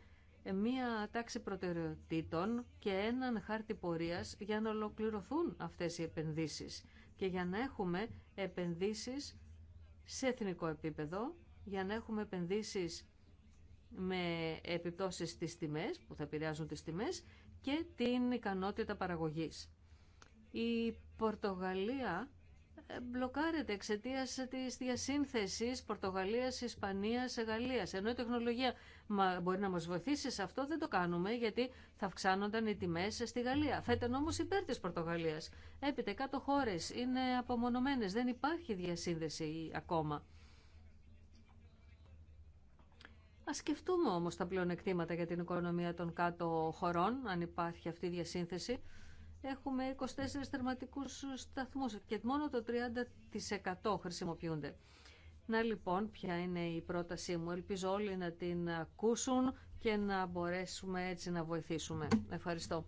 μία τάξη προτεραιοτήτων και έναν χάρτη πορείας για να ολοκληρωθούν αυτές οι επενδύσεις και για να έχουμε επενδύσεις σε εθνικό επίπεδο, για να έχουμε επενδύσεις με επιπτώσεις στις τιμές, που θα επηρεάζουν τις τιμές, και την ικανότητα παραγωγής. Η Πορτογαλία ε, μπλοκάρεται εξαιτία τη διασύνθεση Πορτογαλία, Ισπανία, Γαλλία. Ενώ η τεχνολογία μπορεί να μα βοηθήσει σε αυτό, δεν το κάνουμε γιατί θα αυξάνονταν οι τιμέ στη Γαλλία. Θα ήταν όμω υπέρ τη Πορτογαλία. Έπειτα, κάτω χώρε είναι απομονωμένε, δεν υπάρχει διασύνδεση ακόμα. Α σκεφτούμε όμως τα πλεονεκτήματα για την οικονομία των κάτω χωρών, αν υπάρχει αυτή η διασύνθεση. Έχουμε 24 θερματικούς σταθμού. και μόνο το 30% χρησιμοποιούνται. Να λοιπόν, ποια είναι η πρότασή μου. Ελπίζω όλοι να την ακούσουν και να μπορέσουμε έτσι να βοηθήσουμε. Ευχαριστώ.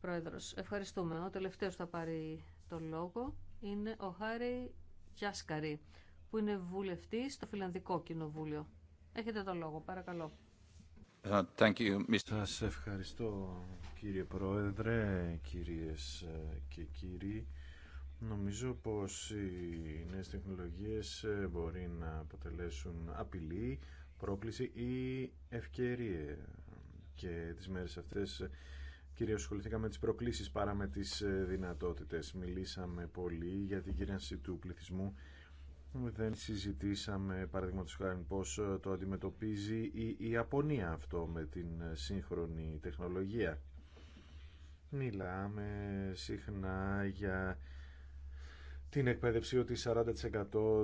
Πρόεδρος, ευχαριστούμε. Ο τελευταίος θα πάρει το λόγο είναι ο Χάρη Κιάσκαρη, που είναι βουλευτής στο Φιλανδικό Κοινοβούλιο. Έχετε το λόγο, παρακαλώ. Uh, thank you, Mr. Σας ευχαριστώ κύριε Πρόεδρε, κυρίες ε, και κύριοι. Νομίζω πως οι νέες τεχνολογίες ε, μπορεί να αποτελέσουν απειλή, πρόκληση ή ευκαιρία. Και τις μέρες αυτές ε, κυρίως ασχοληθήκαμε με τις προκλήσεις παρά με τις δυνατότητες. Μιλήσαμε πολύ για την κυρίαση του πληθυσμού δεν συζητήσαμε, παραδείγματος χάρη, πώς ε, το αντιμετωπίζει η Ιαπωνία αυτό με την ε, σύγχρονη τεχνολογία. Μιλάμε συχνά για την εκπαίδευση ότι 40%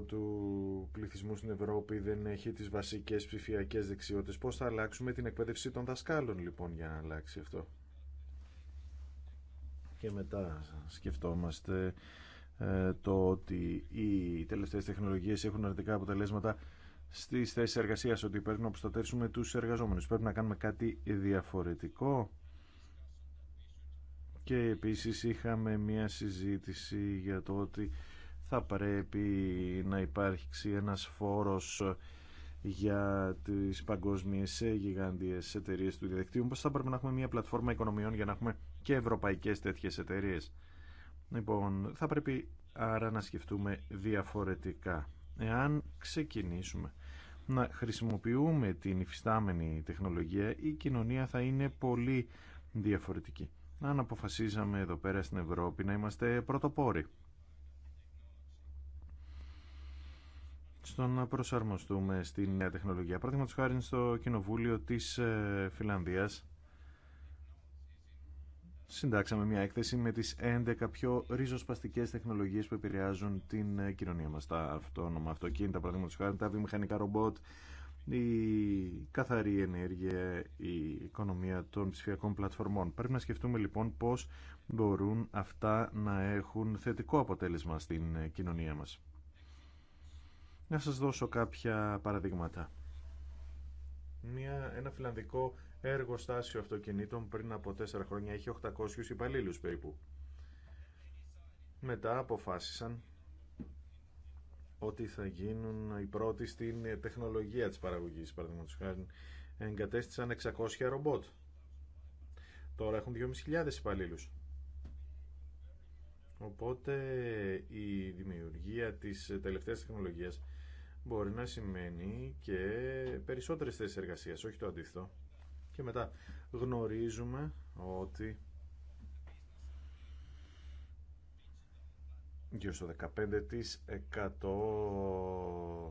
του πληθυσμού στην Ευρώπη δεν έχει τις βασικές ψηφιακές δεξιότητες. Πώς θα αλλάξουμε την εκπαίδευση των δασκάλων λοιπόν για να αλλάξει αυτό. Και μετά σκεφτόμαστε ε, το ότι οι τελευταίε τεχνολογίε έχουν αρνητικά αποτελέσματα στις θέσει εργασία ότι πρέπει να προστατεύσουμε του εργαζόμενου. Πρέπει να κάνουμε κάτι διαφορετικό. Και επίσης είχαμε μία συζήτηση για το ότι θα πρέπει να υπάρξει ένας φόρος για τις παγκόσμιες γιγάντιες εταιρείε του διαδικτύου. Πώς θα πρέπει να έχουμε μία πλατφόρμα οικονομιών για να έχουμε και ευρωπαϊκές τέτοιες εταιρείε. Λοιπόν, θα πρέπει άρα να σκεφτούμε διαφορετικά. Εάν ξεκινήσουμε να χρησιμοποιούμε την υφιστάμενη τεχνολογία, η κοινωνία θα είναι πολύ διαφορετική. Αν αποφασίζαμε εδώ πέρα στην Ευρώπη να είμαστε πρωτοπόροι. στο να προσαρμοστούμε στην νέα τεχνολογία. Παραδείγματο χάρη στο Κοινοβούλιο της ε, Φιλανδίας συντάξαμε μια έκθεση με τις 11 πιο ριζοσπαστικές τεχνολογίες που επηρεάζουν την ε, κοινωνία μας. Τα αυτόνομα αυτοκίνητα, παραδείγματο χάρη, τα βιομηχανικά ρομπότ, η καθαρή ενέργεια, η οικονομία των ψηφιακών πλατφορμών. Πρέπει να σκεφτούμε λοιπόν πώς μπορούν αυτά να έχουν θετικό αποτέλεσμα στην ε, κοινωνία μας. Να σας δώσω κάποια παραδείγματα. Μια, ένα φιλανδικό εργοστάσιο αυτοκινήτων πριν από 4 χρόνια είχε 800 υπαλλήλους περίπου. Μετά αποφάσισαν ότι θα γίνουν οι πρώτοι στην τεχνολογία της παραγωγής. Παραδείγματος χάρη εγκατέστησαν 600 ρομπότ. Τώρα έχουν 2.500 υπαλλήλους. Οπότε η δημιουργία της τελευταίας τεχνολογίας μπορεί να σημαίνει και περισσότερες θέσεις εργασίας, όχι το αντίθετο και μετά γνωρίζουμε ότι γύρω στο 15%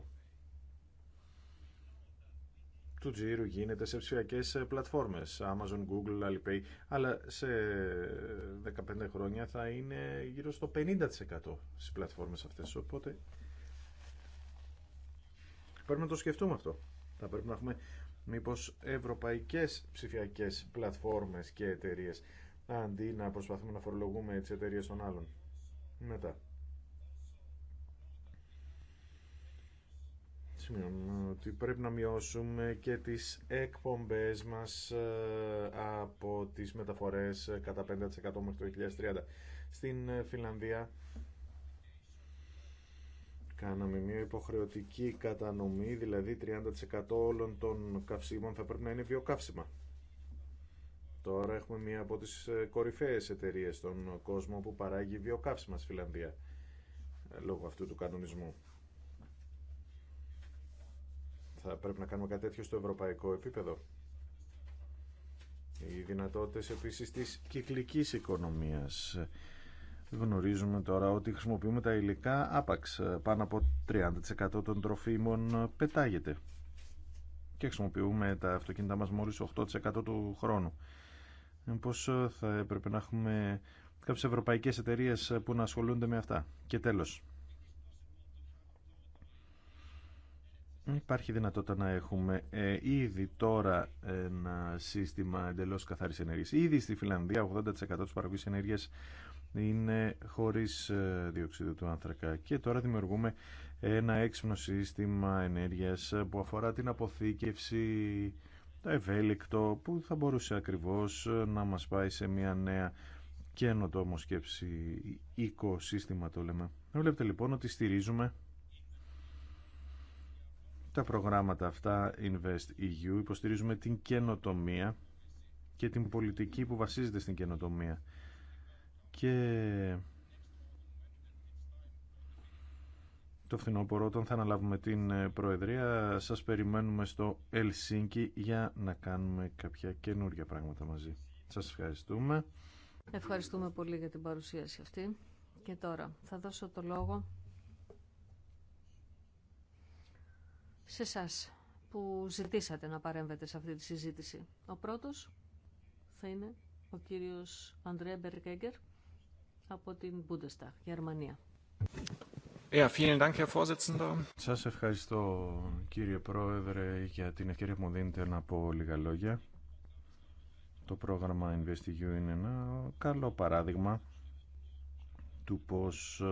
του τζίρου γίνεται σε ψηφιακές πλατφόρμες Amazon, Google, Alipay αλλά σε 15 χρόνια θα είναι γύρω στο 50% στις πλατφόρμες αυτές οπότε πρέπει να το σκεφτούμε αυτό θα πρέπει να έχουμε μήπως ευρωπαϊκές ψηφιακές πλατφόρμες και εταιρείε αντί να προσπαθούμε να φορολογούμε τις εταιρείε των άλλων. Μετά. Σημειώνω ότι πρέπει να μειώσουμε και τις εκπομπές μας ε, από τις μεταφορές ε, κατά 5% μέχρι το 2030. Στην ε, Φιλανδία Κάναμε μια υποχρεωτική κατανομή, δηλαδή 30% όλων των καυσίμων θα πρέπει να είναι βιοκαύσιμα. Τώρα έχουμε μία από τις ε, κορυφαίες εταιρείε στον κόσμο που παράγει βιοκαύσιμα στη Φιλανδία, ε, λόγω αυτού του κανονισμού. Θα πρέπει να κάνουμε κάτι τέτοιο στο ευρωπαϊκό επίπεδο. Οι δυνατότητες επίσης της κυκλικής οικονομίας γνωρίζουμε τώρα ότι χρησιμοποιούμε τα υλικά άπαξ. Πάνω από 30% των τροφίμων πετάγεται. Και χρησιμοποιούμε τα αυτοκίνητά μας μόλις 8% του χρόνου. Πώς ε, θα έπρεπε να έχουμε κάποιες ευρωπαϊκές εταιρείες που να ασχολούνται με αυτά. Και τέλος. Υπάρχει δυνατότητα να έχουμε ε, ήδη τώρα ένα σύστημα εντελώς καθαρής ενέργειας. Ήδη στη Φιλανδία 80% της παραγωγής ενέργειας είναι χωρίς ε, διοξείδιο του άνθρακα και τώρα δημιουργούμε ένα έξυπνο σύστημα ενέργειας ε, που αφορά την αποθήκευση, το ευέλικτο που θα μπορούσε ακριβώς ε, να μας πάει σε μια νέα καινοτόμο σκέψη οικοσύστημα το λέμε. Βλέπετε λοιπόν ότι στηρίζουμε τα προγράμματα αυτά Invest EU, υποστηρίζουμε την καινοτομία και την πολιτική που βασίζεται στην καινοτομία και το φθινόπωρο όταν θα αναλάβουμε την ε, Προεδρία σας περιμένουμε στο Ελσίνκι για να κάνουμε κάποια καινούργια πράγματα μαζί. Σας ευχαριστούμε. Ευχαριστούμε πολύ για την παρουσίαση αυτή. Και τώρα θα δώσω το λόγο σε εσά που ζητήσατε να παρέμβετε σε αυτή τη συζήτηση. Ο πρώτος θα είναι ο κύριος Ανδρέα Μπερκέγκερ από την Bundestag, Γερμανία. Ja, ε, vielen Dank, Herr Vorsitzender. Σας ευχαριστώ κύριε Πρόεδρε για την ευκαιρία που μου δίνετε να πω λίγα λόγια. Το πρόγραμμα InvestEU είναι ένα καλό παράδειγμα του πώς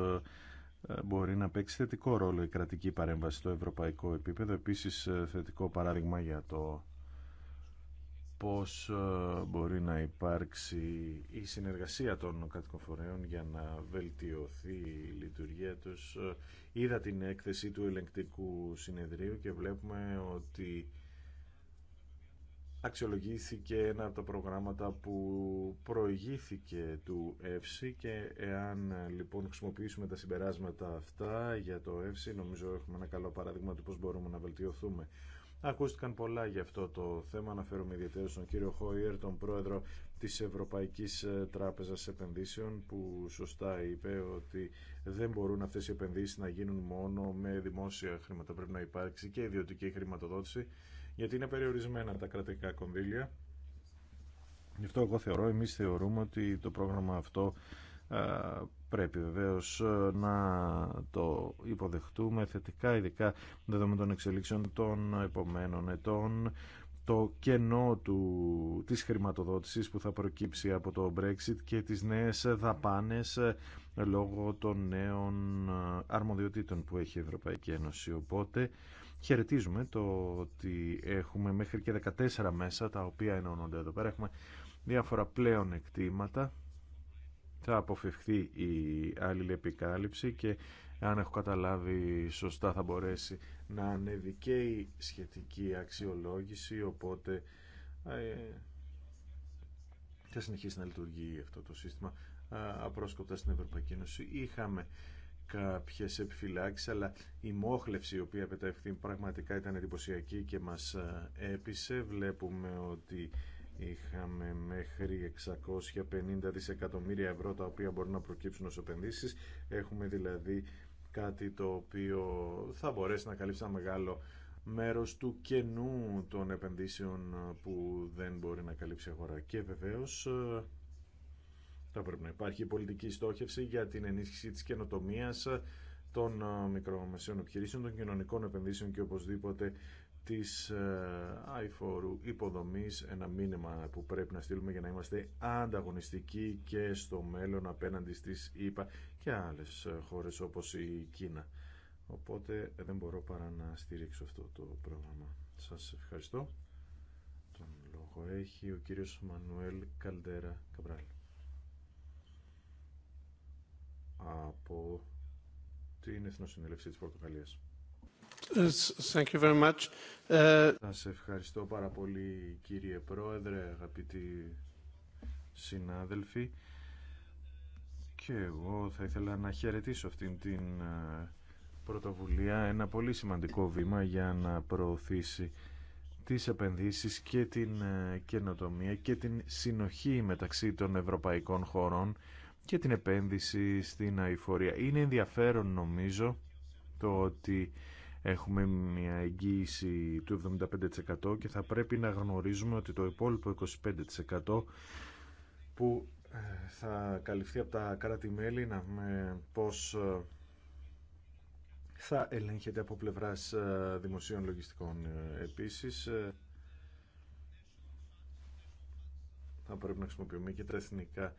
ε, μπορεί να παίξει θετικό ρόλο η κρατική παρέμβαση στο ευρωπαϊκό επίπεδο. Επίσης ε, θετικό παράδειγμα για το πώς ε, μπορεί να υπάρξει η συνεργασία των κατοικοφορέων για να βελτιωθεί η λειτουργία τους. Ε, είδα την έκθεση του ελεγκτικού συνεδρίου και βλέπουμε ότι αξιολογήθηκε ένα από τα προγράμματα που προηγήθηκε του ΕΦΣΥ και εάν λοιπόν χρησιμοποιήσουμε τα συμπεράσματα αυτά για το ΕΦΣΥ νομίζω έχουμε ένα καλό παράδειγμα του πώς μπορούμε να βελτιωθούμε. Ακούστηκαν πολλά για αυτό το θέμα. Αναφέρομαι ιδιαίτερα στον κύριο Χόιερ, τον πρόεδρο της Ευρωπαϊκής ε, Τράπεζας Επενδύσεων, που σωστά είπε ότι δεν μπορούν αυτές οι επενδύσεις να γίνουν μόνο με δημόσια χρήματα. Πρέπει να υπάρξει και ιδιωτική χρηματοδότηση, γιατί είναι περιορισμένα τα κρατικά κονδύλια. Γι' αυτό εγώ θεωρώ, εμεί θεωρούμε ότι το πρόγραμμα αυτό Πρέπει βεβαίως ε, να το υποδεχτούμε θετικά, ειδικά δεδομένων των εξελίξεων των επομένων ετών, το κενό του, της χρηματοδότησης που θα προκύψει από το Brexit και τις νέες δαπάνες ε, λόγω των νέων ε, αρμοδιοτήτων που έχει η Ευρωπαϊκή Ένωση. Οπότε χαιρετίζουμε το ότι έχουμε μέχρι και 14 μέσα τα οποία ενώνονται εδώ πέρα. Έχουμε διάφορα πλέον εκτήματα θα αποφευχθεί η αλληλεπικάλυψη και αν έχω καταλάβει σωστά θα μπορέσει να ανέβει και η σχετική αξιολόγηση οπότε ε, θα συνεχίσει να λειτουργεί αυτό το σύστημα απρόσκοπτα στην Ευρωπαϊκή Ένωση. Είχαμε κάποιες επιφυλάξεις αλλά η μόχλευση η οποία πραγματικά ήταν εντυπωσιακή και μας ε, έπεισε. Βλέπουμε ότι είχαμε μέχρι 650 δισεκατομμύρια ευρώ τα οποία μπορούν να προκύψουν ως επενδύσεις. Έχουμε δηλαδή κάτι το οποίο θα μπορέσει να καλύψει ένα μεγάλο μέρος του κενού των επενδύσεων που δεν μπορεί να καλύψει η αγορά. Και βεβαίως ε, θα πρέπει να υπάρχει πολιτική στόχευση για την ενίσχυση της καινοτομίας ε, των ε, μικρομεσαίων επιχειρήσεων, των κοινωνικών επενδύσεων και οπωσδήποτε της ε, αηφόρου υποδομής ένα μήνυμα που πρέπει να στείλουμε για να είμαστε ανταγωνιστικοί και στο μέλλον απέναντι στις ΗΠΑ και άλλες χώρες όπως η Κίνα. Οπότε δεν μπορώ παρά να στηρίξω αυτό το πρόγραμμα. Σας ευχαριστώ. Τον λόγο έχει ο κύριος Μανουέλ Καλδέρα Καμπράλ. Από την Εθνοσυνέλευση της Πορτογαλίας. Thank you very much. Σας ευχαριστώ πάρα πολύ κύριε Πρόεδρε, αγαπητοί συνάδελφοι. Και εγώ θα ήθελα να χαιρετήσω αυτήν την πρωτοβουλία, ένα πολύ σημαντικό βήμα για να προωθήσει τις επενδύσεις και την καινοτομία και την συνοχή μεταξύ των ευρωπαϊκών χωρών και την επένδυση στην αηφορία. Είναι ενδιαφέρον νομίζω το ότι έχουμε μια εγγύηση του 75% και θα πρέπει να γνωρίζουμε ότι το υπόλοιπο 25% που ε, θα καλυφθεί από τα κράτη-μέλη να δούμε πώς ε, θα ελέγχεται από πλευράς ε, δημοσίων λογιστικών επίσης. Θα πρέπει να χρησιμοποιούμε και τα εθνικά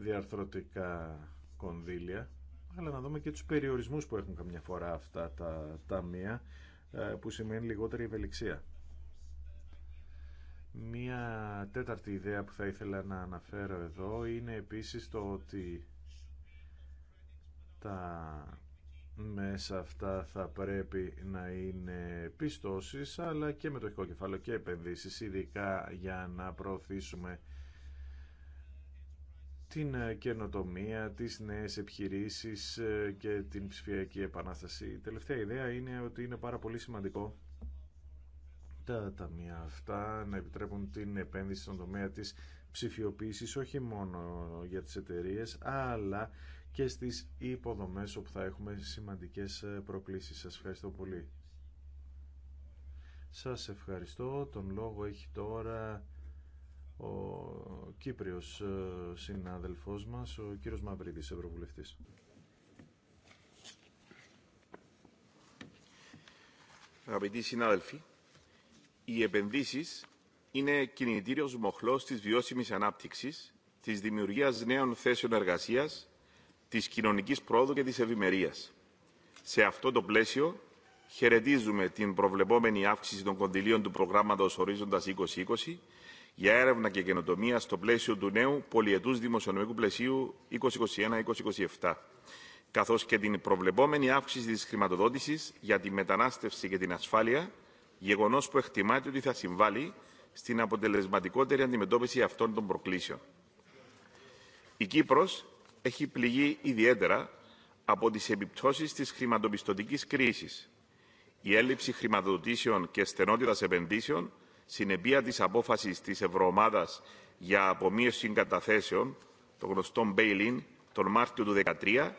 διαρθρωτικά κονδύλια αλλά να δούμε και τους περιορισμούς που έχουν καμιά φορά αυτά τα ταμεία ε, που σημαίνει λιγότερη ευελιξία. Μία τέταρτη ιδέα που θα ήθελα να αναφέρω εδώ είναι επίσης το ότι τα μέσα αυτά θα πρέπει να είναι πιστώσεις αλλά και με μετοχικό κεφάλαιο και επενδύσεις ειδικά για να προωθήσουμε την ε, καινοτομία, τις νέες επιχειρήσεις ε, και την ψηφιακή επανάσταση. Η τελευταία ιδέα είναι ότι είναι πάρα πολύ σημαντικό τα ταμεία αυτά να επιτρέπουν την επένδυση στον τομέα της ψηφιοποίησης όχι μόνο για τις εταιρείε, αλλά και στις υποδομές όπου θα έχουμε σημαντικές ε, προκλήσεις. Σας ευχαριστώ πολύ. Σας ευχαριστώ. Τον λόγο έχει τώρα ο Κύπριος ε, συνάδελφός μας, ο κύριος Μαυρίδης, Ευρωβουλευτής. Αγαπητοί συνάδελφοι, οι επενδύσεις είναι κινητήριος μοχλός της βιώσιμης ανάπτυξης, της δημιουργίας νέων θέσεων εργασίας, της κοινωνικής πρόοδου και της ευημερία. Σε αυτό το πλαίσιο, χαιρετίζουμε την προβλεπόμενη αύξηση των κοντιλίων του προγράμματος Ορίζοντας 2020 για έρευνα και καινοτομία στο πλαίσιο του νέου πολιετού δημοσιονομικού πλαισίου 2021-2027, καθώ και την προβλεπόμενη αύξηση τη χρηματοδότηση για τη μετανάστευση και την ασφάλεια, γεγονό που εκτιμάται ότι θα συμβάλλει στην αποτελεσματικότερη αντιμετώπιση αυτών των προκλήσεων. Η Κύπρος έχει πληγεί ιδιαίτερα από τις επιπτώσεις της χρηματοπιστωτικής κρίσης. Η έλλειψη χρηματοδοτήσεων και στενότητα επενδύσεων συνεπία της απόφασης της Ευρωομάδας για απομείωση καταθέσεων, το γνωστο Μπέιλιν, τον Μάρτιο του 2013,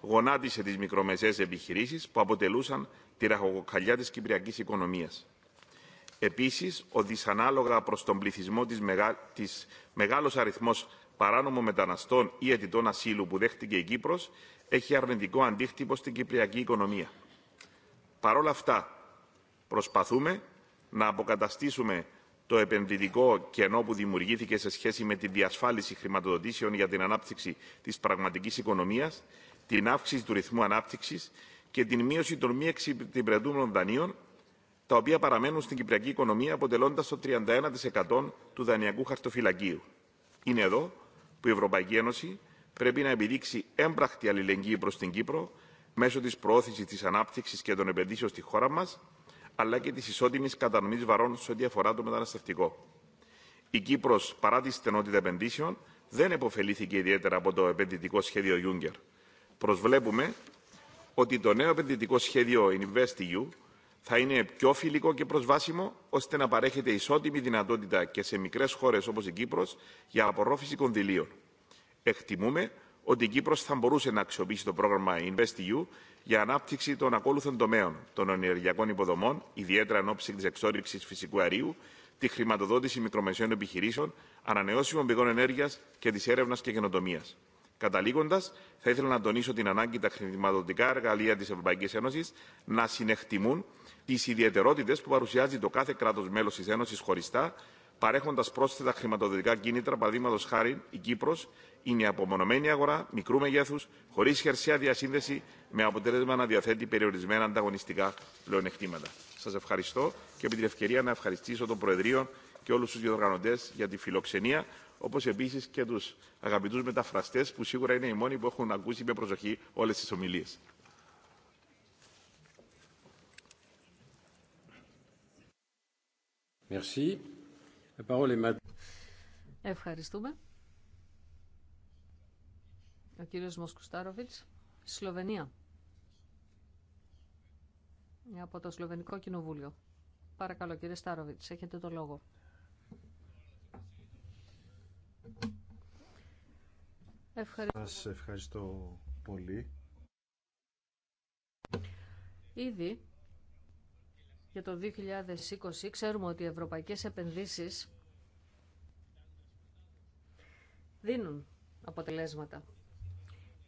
γονάτισε τις μικρομεσαίες επιχειρήσεις που αποτελούσαν τη ραχοκοκαλιά της κυπριακής οικονομίας. Επίσης, ο δυσανάλογα προς τον πληθυσμό της, μεγα... της μεγάλος αριθμός παράνομων μεταναστών ή αιτητών ασύλου που δέχτηκε η Κύπρος έχει αρνητικό αντίκτυπο στην κυπριακή οικονομία. Παρ' όλα αυτά, προσπαθούμε να αποκαταστήσουμε το επενδυτικό κενό που δημιουργήθηκε σε σχέση με τη διασφάλιση χρηματοδοτήσεων για την ανάπτυξη της πραγματικής οικονομίας, την αύξηση του ρυθμού ανάπτυξης και την μείωση των μη εξυπηρετούμενων δανείων, τα οποία παραμένουν στην κυπριακή οικονομία αποτελώντας το 31% του δανειακού χαρτοφυλακίου. Είναι εδώ που η Ευρωπαϊκή Ένωση πρέπει να επιδείξει έμπρακτη αλληλεγγύη προς την Κύπρο μέσω της προώθησης τη ανάπτυξη και των επενδύσεων στη χώρα μα, αλλά και τη ισότιμη κατανομή βαρών σε ό,τι αφορά το μεταναστευτικό. Η Κύπρο, παρά τη στενότητα επενδύσεων, δεν επωφελήθηκε ιδιαίτερα από το επενδυτικό σχέδιο Juncker. Προσβλέπουμε ότι το νέο επενδυτικό σχέδιο InvestEU θα είναι πιο φιλικό και προσβάσιμο, ώστε να παρέχεται ισότιμη δυνατότητα και σε μικρέ χώρε όπω η Κύπρο για απορρόφηση κονδυλίων. Εκτιμούμε ότι η Κύπρος θα μπορούσε να αξιοποιήσει το πρόγραμμα InvestEU για ανάπτυξη των ακόλουθων τομέων των ενεργειακών υποδομών, ιδιαίτερα εν ώψη τη εξόριξη φυσικού αερίου, τη χρηματοδότηση μικρομεσαίων επιχειρήσεων, ανανεώσιμων πηγών ενέργεια και τη έρευνα και καινοτομία. Καταλήγοντα, θα ήθελα να τονίσω την ανάγκη τα χρηματοδοτικά εργαλεία τη ΕΕ να συνεχτιμούν τι ιδιαιτερότητε που παρουσιάζει το κάθε κράτο μέλο τη Ένωση χωριστά παρέχοντα πρόσθετα χρηματοδοτικά κίνητρα, παραδείγματο χάρη η Κύπρο είναι απομονωμένη αγορά μικρού μεγέθου, χωρί χερσαία διασύνδεση, με αποτέλεσμα να διαθέτει περιορισμένα ανταγωνιστικά πλεονεκτήματα. Σα ευχαριστώ και επί την ευκαιρία να ευχαριστήσω τον Προεδρείο και όλου του διοργανωτέ για τη φιλοξενία, όπω επίση και του αγαπητού μεταφραστέ, που σίγουρα είναι οι μόνοι που έχουν ακούσει με προσοχή όλε τι ομιλίε. Merci. Ευχαριστούμε. Ο κύριος Μοσκουστάροβιτς, Σλοβενία. Από το Σλοβενικό Κοινοβούλιο. Παρακαλώ κύριε Στάροβιτς, έχετε το λόγο. Ευχαριστώ. Σας ευχαριστώ πολύ. Ήδη για το 2020 ξέρουμε ότι οι ευρωπαϊκές επενδύσεις δίνουν αποτελέσματα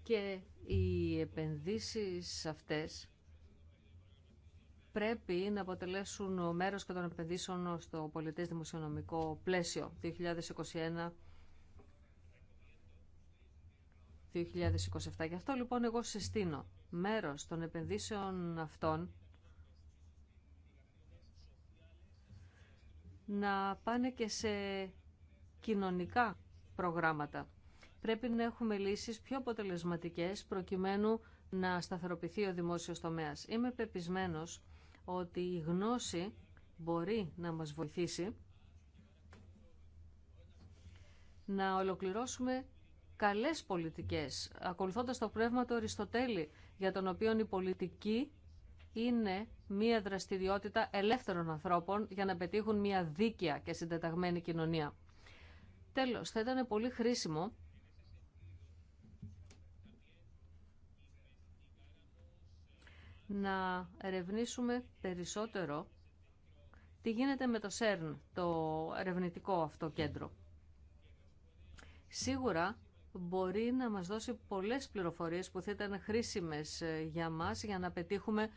και οι επενδύσεις αυτές πρέπει να αποτελέσουν μέρος και των επενδύσεων στο πολιτές δημοσιονομικό πλαίσιο 2021 2027. Γι' αυτό λοιπόν εγώ συστήνω μέρος των επενδύσεων αυτών να πάνε και σε κοινωνικά προγράμματα. Πρέπει να έχουμε λύσεις πιο αποτελεσματικές προκειμένου να σταθεροποιηθεί ο δημόσιος τομέας. Είμαι πεπισμένος ότι η γνώση μπορεί να μας βοηθήσει να ολοκληρώσουμε καλές πολιτικές, ακολουθώντας το πνεύμα του Αριστοτέλη, για τον οποίο η πολιτική είναι μια δραστηριότητα ελεύθερων ανθρώπων για να πετύχουν μια δίκαια και συντεταγμένη κοινωνία. Τέλος, θα ήταν πολύ χρήσιμο να ερευνήσουμε περισσότερο τι γίνεται με το ΣΕΡΝ, το ερευνητικό αυτό κέντρο. Σίγουρα μπορεί να μας δώσει πολλές πληροφορίες που θα ήταν χρήσιμες ε, για μας για να πετύχουμε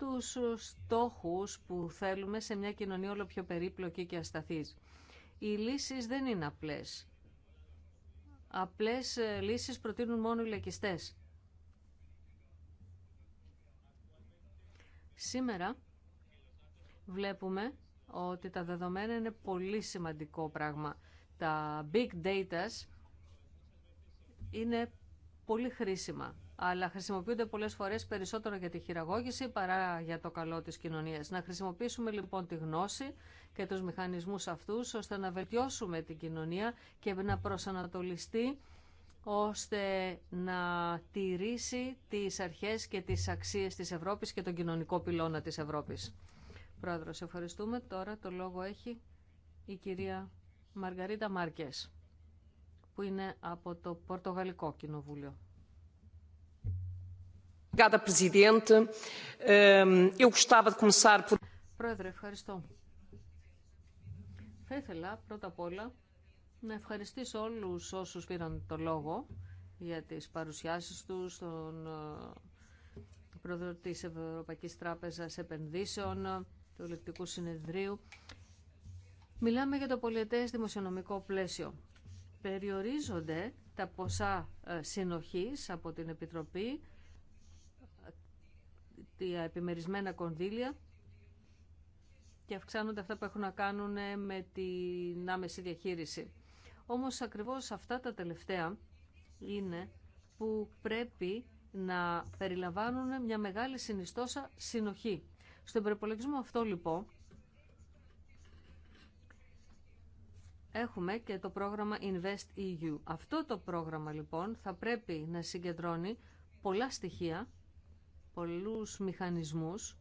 τους στόχους που θέλουμε σε μια κοινωνία όλο πιο περίπλοκη και ασταθής. Οι λύσεις δεν είναι απλές. Απλές ε, λύσεις προτείνουν μόνο οι λεκιστές. Σήμερα βλέπουμε ότι τα δεδομένα είναι πολύ σημαντικό πράγμα. Τα big data είναι πολύ χρήσιμα αλλά χρησιμοποιούνται πολλές φορές περισσότερο για τη χειραγώγηση παρά για το καλό της κοινωνίας. Να χρησιμοποιήσουμε λοιπόν τη γνώση και τους μηχανισμούς αυτούς ώστε να βελτιώσουμε την κοινωνία και να προσανατολιστεί ώστε να τηρήσει τις αρχές και τις αξίες της Ευρώπης και τον κοινωνικό πυλώνα της Ευρώπης. Πρόεδρος, ευχαριστούμε. Τώρα το λόγο έχει η κυρία Μαργαρίτα Μάρκες, που είναι από το Πορτογαλικό Κοινοβούλιο. Ehm, Πρόεδρε, ευχαριστώ. Θα ήθελα πρώτα απ' όλα να ευχαριστήσω όλους όσους πήραν το λόγο για τις παρουσιάσεις τους, τον ε, πρόεδρο της Ευρωπαϊκής Τράπεζας Επενδύσεων, του Ελεκτικού Συνεδρίου. Μιλάμε για το πολιετές δημοσιονομικό πλαίσιο. Περιορίζονται τα ποσά ε, συνοχής από την Επιτροπή τα επιμερισμένα κονδύλια και αυξάνονται αυτά που έχουν να κάνουν με την άμεση διαχείριση. Όμως ακριβώς αυτά τα τελευταία είναι που πρέπει να περιλαμβάνουν μια μεγάλη συνιστόσα συνοχή. Στον προπολογισμό αυτό λοιπόν έχουμε και το πρόγραμμα Invest EU. Αυτό το πρόγραμμα λοιπόν θα πρέπει να συγκεντρώνει πολλά στοιχεία πολλούς μηχανισμούς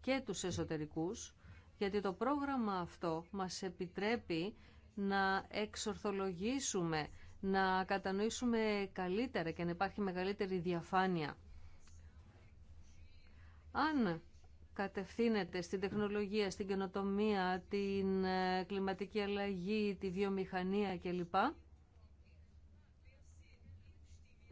και τους εσωτερικούς, γιατί το πρόγραμμα αυτό μας επιτρέπει να εξορθολογήσουμε, να κατανοήσουμε καλύτερα και να υπάρχει μεγαλύτερη διαφάνεια. Αν κατευθύνεται στην τεχνολογία, στην καινοτομία, την ε, κλιματική αλλαγή, τη βιομηχανία κλπ,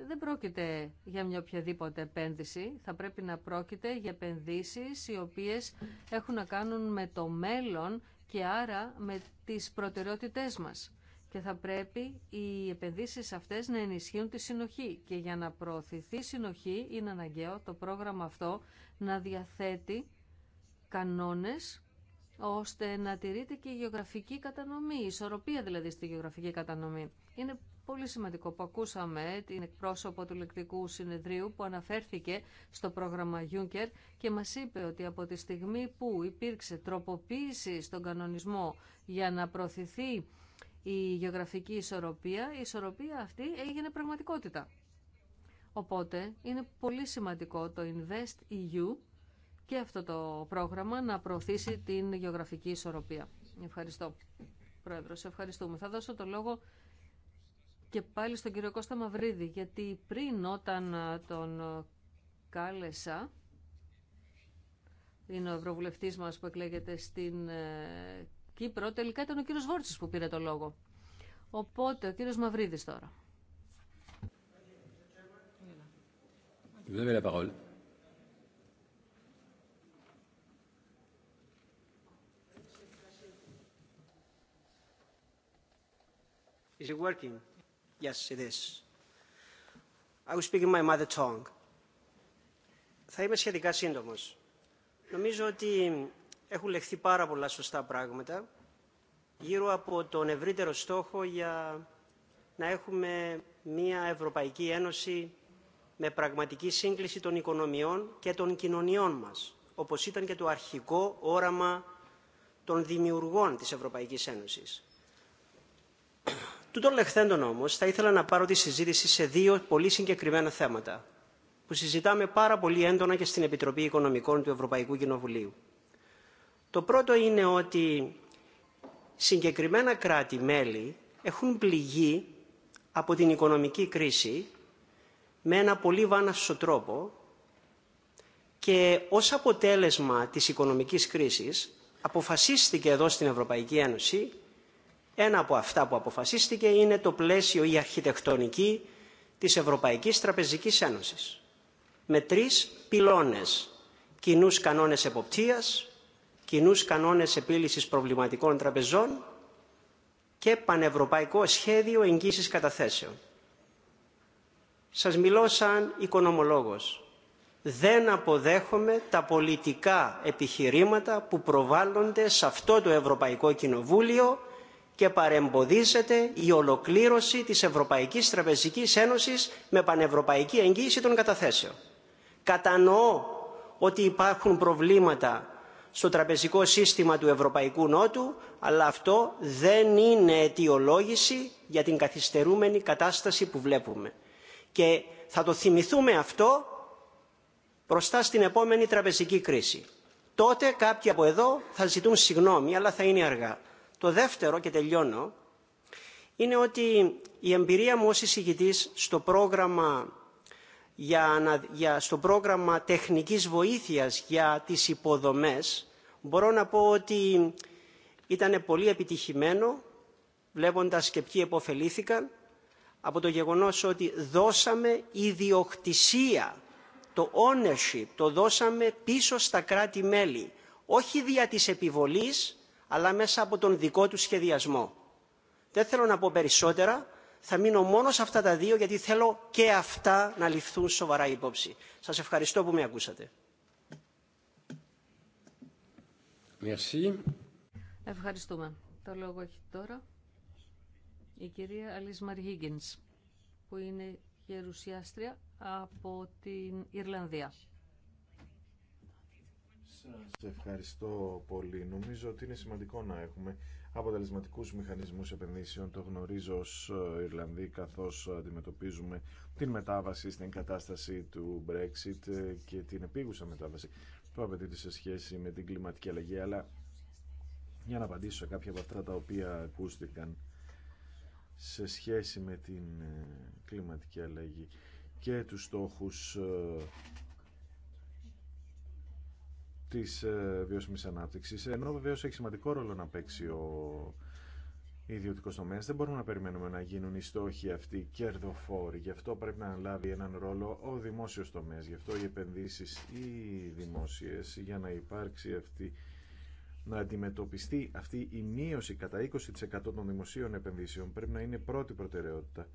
δεν πρόκειται για μια οποιαδήποτε επένδυση. Θα πρέπει να πρόκειται για επενδύσεις οι οποίες έχουν να κάνουν με το μέλλον και άρα με τις προτεραιότητές μας. Και θα πρέπει οι επενδύσεις αυτές να ενισχύουν τη συνοχή. Και για να προωθηθεί συνοχή είναι αναγκαίο το πρόγραμμα αυτό να διαθέτει κανόνες ώστε να τηρείται και η γεωγραφική κατανομή, η ισορροπία δηλαδή στη γεωγραφική κατανομή. Είναι πολύ σημαντικό που ακούσαμε την εκπρόσωπο του λεκτικού συνεδρίου που αναφέρθηκε στο πρόγραμμα Juncker και μας είπε ότι από τη στιγμή που υπήρξε τροποποίηση στον κανονισμό για να προωθηθεί η γεωγραφική ισορροπία, η ισορροπία αυτή έγινε πραγματικότητα. Οπότε είναι πολύ σημαντικό το Invest EU και αυτό το πρόγραμμα να προωθήσει την γεωγραφική ισορροπία. Ευχαριστώ. Πρόεδρος, ευχαριστούμε. Θα δώσω το λόγο και πάλι στον κύριο Κώστα Μαυρίδη, γιατί πριν όταν ε, τον ε, κάλεσα, είναι ο ευρωβουλευτής μας που εκλέγεται στην ε, Κύπρο, τελικά ήταν ο κύριος Βόρτσης που πήρε το λόγο. Οπότε, ο κύριος Μαυρίδης τώρα. Vous Is working? Yes, it is. I my mother tongue. Θα είμαι σχετικά σύντομος. Νομίζω ότι έχουν λεχθεί πάρα πολλά σωστά πράγματα γύρω από τον ευρύτερο στόχο για να έχουμε μια Ευρωπαϊκή Ένωση με πραγματική σύγκληση των οικονομιών και των κοινωνιών μας, όπως ήταν και το αρχικό όραμα των δημιουργών της Ευρωπαϊκής Ένωσης. Τούτων λεχθέντων όμω, θα ήθελα να πάρω τη συζήτηση σε δύο πολύ συγκεκριμένα θέματα, που συζητάμε πάρα πολύ έντονα και στην Επιτροπή Οικονομικών του Ευρωπαϊκού Κοινοβουλίου. Το πρώτο είναι ότι συγκεκριμένα κράτη-μέλη έχουν πληγεί από την οικονομική κρίση με ένα πολύ βάναυσο τρόπο και ως αποτέλεσμα της οικονομικής κρίσης αποφασίστηκε εδώ στην Ευρωπαϊκή Ένωση ένα από αυτά που αποφασίστηκε είναι το πλαίσιο η αρχιτεκτονική της Ευρωπαϊκής Τραπεζικής Ένωσης με τρεις πυλώνες κοινούς κανόνες εποπτείας, κοινούς κανόνες επίλυσης προβληματικών τραπεζών και πανευρωπαϊκό σχέδιο εγγύησης καταθέσεων. Σας μιλώ σαν οικονομολόγος. Δεν αποδέχομαι τα πολιτικά επιχειρήματα που προβάλλονται σε αυτό το Ευρωπαϊκό Κοινοβούλιο και παρεμποδίζεται η ολοκλήρωση της Ευρωπαϊκής Τραπεζικής Ένωσης με πανευρωπαϊκή εγγύηση των καταθέσεων. Κατανοώ ότι υπάρχουν προβλήματα στο τραπεζικό σύστημα του Ευρωπαϊκού Νότου, αλλά αυτό δεν είναι αιτιολόγηση για την καθυστερούμενη κατάσταση που βλέπουμε. Και θα το θυμηθούμε αυτό μπροστά στην επόμενη τραπεζική κρίση. Τότε κάποιοι από εδώ θα ζητούν συγγνώμη, αλλά θα είναι αργά. Το δεύτερο, και τελειώνω, είναι ότι η εμπειρία μου ως εισηγητής στο πρόγραμμα, για, για, στο πρόγραμμα τεχνικής βοήθειας για τις υποδομές μπορώ να πω ότι ήταν πολύ επιτυχημένο βλέποντας και ποιοι επωφελήθηκαν από το γεγονός ότι δώσαμε ιδιοκτησία, το ownership, το δώσαμε πίσω στα κράτη-μέλη. Όχι δια της επιβολής, αλλά μέσα από τον δικό του σχεδιασμό. Δεν θέλω να πω περισσότερα. Θα μείνω μόνο σε αυτά τα δύο γιατί θέλω και αυτά να ληφθούν σοβαρά υπόψη. Σας ευχαριστώ που με ακούσατε. Ευχαριστούμε. Το λόγο έχει τώρα η κυρία Αλής Μαργίγκινς που είναι γερουσιάστρια από την Ιρλανδία. Σας ευχαριστώ πολύ. Νομίζω ότι είναι σημαντικό να έχουμε αποτελεσματικούς μηχανισμούς επενδύσεων. Το γνωρίζω ως ε, Ιρλανδοί καθώς αντιμετωπίζουμε την μετάβαση στην κατάσταση του Brexit ε, και την επίγουσα μετάβαση που απαιτείται σε σχέση με την κλιματική αλλαγή. Αλλά για να απαντήσω σε κάποια από αυτά τα οποία ακούστηκαν σε σχέση με την ε, κλιματική αλλαγή και τους στόχους της ε, βιώσιμης ανάπτυξης, ενώ βεβαίως έχει σημαντικό ρόλο να παίξει ο ιδιωτικό τομέα. Δεν μπορούμε να περιμένουμε να γίνουν οι στόχοι αυτοί κερδοφόροι. Γι' αυτό πρέπει να λάβει έναν ρόλο ο δημόσιο τομέα. Γι' αυτό οι επενδύσει ή οι δημόσιε για να υπάρξει αυτή να αντιμετωπιστεί αυτή η μείωση κατά 20% των δημοσίων επενδύσεων πρέπει να είναι πρώτη προτεραιότητα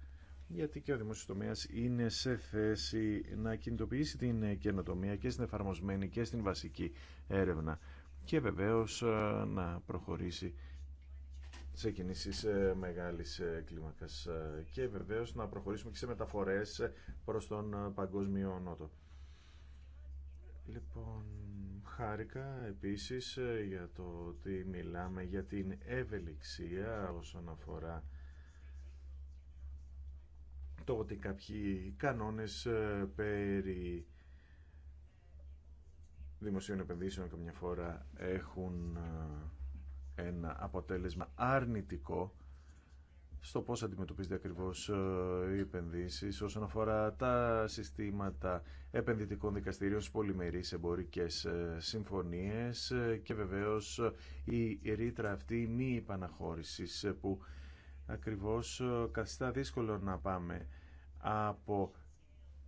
γιατί και ο δημόσιος είναι σε θέση να κινητοποιήσει την καινοτομία και στην εφαρμοσμένη και στην βασική έρευνα και βεβαίως ε, να προχωρήσει σε κινήσεις ε, μεγάλης ε, κλίμακας και βεβαίως να προχωρήσουμε και σε μεταφορές προς τον παγκόσμιο νότο. Λοιπόν, χάρηκα επίσης για το ότι μιλάμε για την ευελιξία όσον αφορά το ότι κάποιοι κανόνες ε, περί δημοσίων επενδύσεων καμιά φορά έχουν ε, ένα αποτέλεσμα αρνητικό στο πώς αντιμετωπίζεται ακριβώς ε, οι επενδύσεις όσον αφορά τα συστήματα επενδυτικών δικαστηρίων στις πολυμερείς εμπορικές συμφωνίες και βεβαίως η ρήτρα αυτή μη υπαναχώρησης που ακριβώς καθιστά δύσκολο να πάμε από